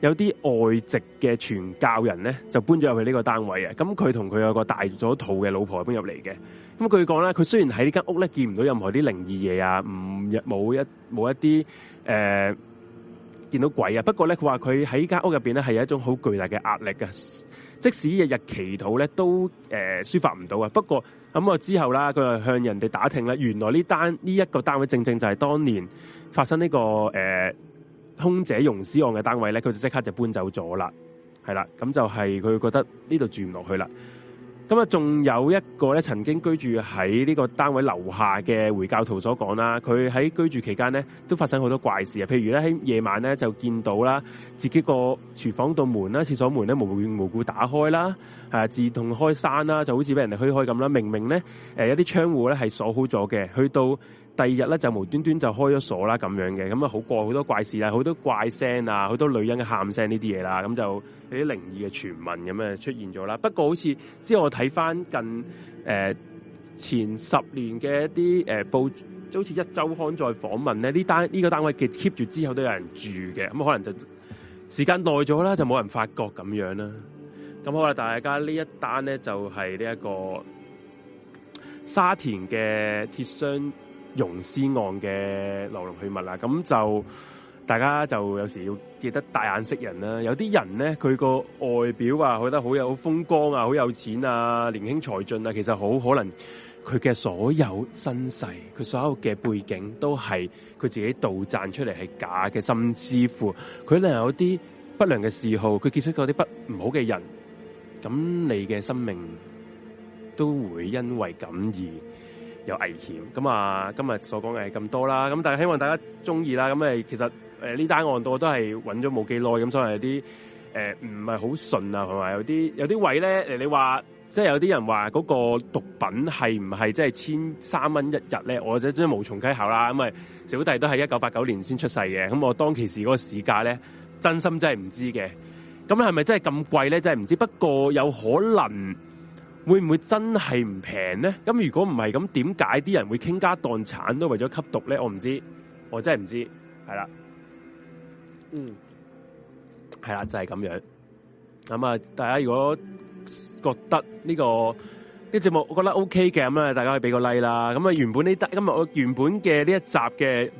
有啲外籍嘅傳教人咧，就搬咗入去呢個單位啊！咁佢同佢有個大咗肚嘅老婆搬入嚟嘅。咁據講咧，佢雖然喺呢間屋咧見唔到任何啲靈異嘢啊，唔冇一冇一啲誒、呃、見到鬼啊，不過咧佢話佢喺呢間屋入邊咧係有一種好巨大嘅壓力嘅、啊。即使日日祈禱咧，都誒、呃、抒發唔到啊。不過咁啊、嗯，之後啦，佢又向人哋打聽啦，原來呢單呢一、呢個單位，正正就係當年發生呢、呢個誒、呃、空姐融屍案嘅單位咧，佢就即刻就搬走咗啦，係啦，咁就係佢覺得呢度住唔落去啦。咁啊，仲有一個咧，曾經居住喺呢個單位樓下嘅回教徒所講啦，佢喺居住期間咧，都發生好多怪事啊。譬如咧，喺夜晚咧就見到啦，自己個廚房度門啦、廁所門咧無緣無故打開啦，啊自動開閂啦，就好似俾人哋虛開咁啦。明明咧，誒一啲窗戶咧係鎖好咗嘅，去到。第二日咧就無端端就開咗鎖啦，咁樣嘅，咁啊好過好多怪事啦，好多怪聲啊，好多女人嘅喊聲呢啲嘢啦，咁就有啲靈異嘅傳聞咁啊出現咗啦。不過好似之後我睇翻近誒、呃、前十年嘅一啲誒、呃、報，即係好似一周刊再訪問咧呢呢單呢、呢個單位嘅 keep 住之後都有人住嘅，咁可能就時間耐咗啦，就冇人發覺咁樣啦。咁好啦，大家呢一單咧就係呢一個沙田嘅鐵箱融屍案嘅來龍去脈啦，咁就大家就有時要記得帶眼識人啦。有啲人咧，佢個外表啊，佢得好有風光啊，好有錢啊，年輕才俊啊，其實好可能佢嘅所有身世，佢所有嘅背景都係佢自己杜撰出嚟係假嘅，甚至乎佢另有啲不良嘅嗜好，佢結識嗰啲不唔好嘅人，咁你嘅生命都會因為咁而。有危險咁啊！今日所講嘅咁多啦，咁但係希望大家中意啦。咁誒，其實誒呢單案度都係揾咗冇幾耐，咁所以有啲誒唔係好順啊，同埋有啲有啲位咧誒，你話即係有啲人話嗰個毒品係唔係即係千三蚊一日咧？我即係無從稽考啦。咁啊，小弟都係一九八九年先出世嘅，咁我當其時嗰個市價咧，真心真係唔知嘅。咁係咪真係咁貴咧？真係唔知。不過有可能。會唔會真係唔平呢？咁如果唔係咁，點解啲人會傾家蕩產都為咗吸毒咧？我唔知，我真係唔知。係啦、嗯，就是，嗯，係啦，就係咁樣。咁啊，大家如果覺得呢、這個呢節、這個、目我覺得 OK 嘅，咁啊，大家可以俾個 like 啦。咁、嗯、啊，原本呢得今日我原本嘅呢一集嘅。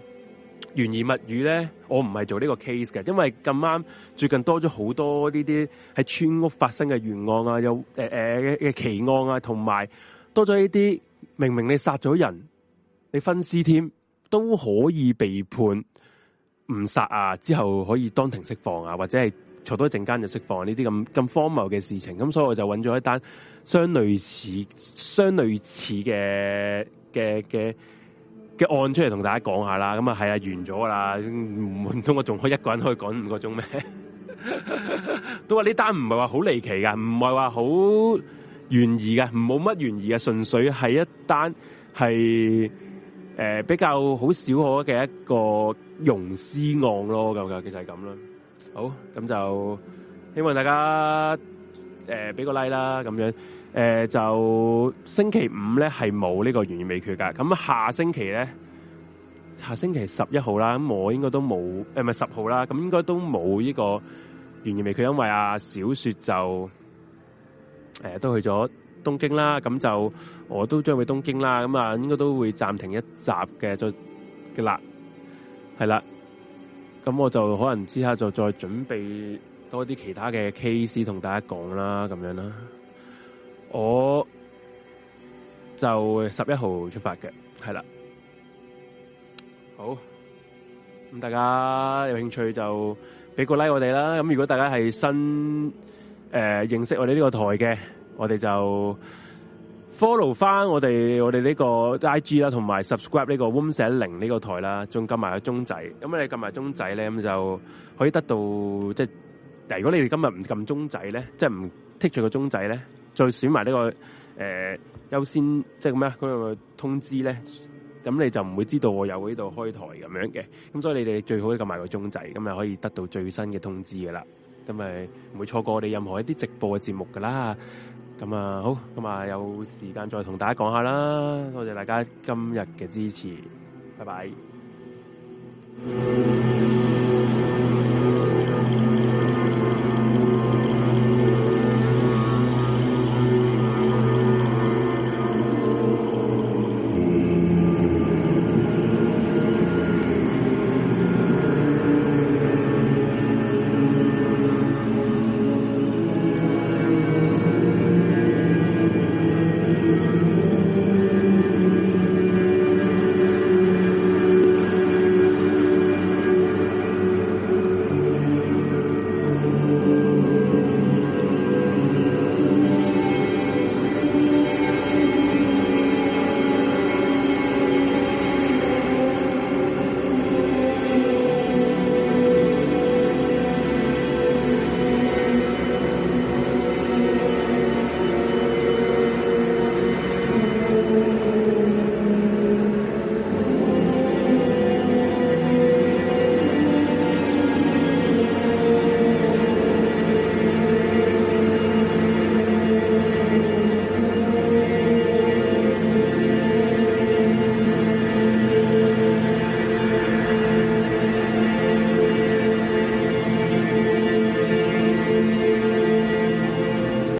懸疑物語咧，我唔係做呢個 case 嘅，因為咁啱最近多咗好多呢啲喺村屋發生嘅懸案啊，有誒誒嘅奇案啊，同埋多咗呢啲明明你殺咗人，你分屍添，都可以被判誤殺啊，之後可以當庭釋放啊，或者係坐多一陣間就釋放啊，呢啲咁咁荒謬嘅事情，咁所以我就揾咗一單相類似，相類似嘅嘅嘅。嘅案出嚟同大家講下是、啊、啦，咁啊係啊完咗啦，唔通我仲可以一個人可以講五個鐘咩？ *laughs* 都話呢單唔係話好離奇嘅，唔係話好懸疑嘅，冇乜懸疑嘅，純粹係一單係誒比較好少可嘅一個融資案咯，咁樣其實係咁啦。好，咁就希望大家誒俾、呃、個 like 啦，咁樣。誒、呃，就星期五咧，係冇呢，是沒有這個懸疑未決噶咁下星期咧，下星期十一號啦，咁我應該都冇誒，唔係十號啦，咁應該都冇呢個懸疑未決，因為阿、啊、小雪就誒、呃、都去咗東京啦，咁就我都將會去東京啦，咁啊應該都會暫停一集嘅，再嘅啦，係啦，咁我就可能之後就再準備多啲其他嘅 case 同大家講啦，咁樣啦。我就十一號出發嘅，係啦，好，咁大家有興趣就俾個 like 我哋啦。咁如果大家係新誒、呃、認識我哋呢個台嘅，我哋就 follow 翻我哋我哋呢個 I G 啦，同埋 subscribe 呢個 Womset 零呢個台啦，仲撳埋個鐘仔。咁你撳埋鐘仔咧，咁就可以得到即係、就是。如果你哋今日唔撳鐘仔咧，即係唔剔除個鐘仔咧。再選埋、這、呢個誒、呃、優先，即係咁咩？嗰個通知咧，咁你就唔會知道我有喺度開台咁樣嘅。咁所以你哋最好撳埋個鐘仔，咁就可以得到最新嘅通知噶啦。咁咪唔會錯過我哋任何一啲直播嘅節目噶啦。咁啊，好，咁啊，有時間再同大家講下啦。多謝大家今日嘅支持，拜拜。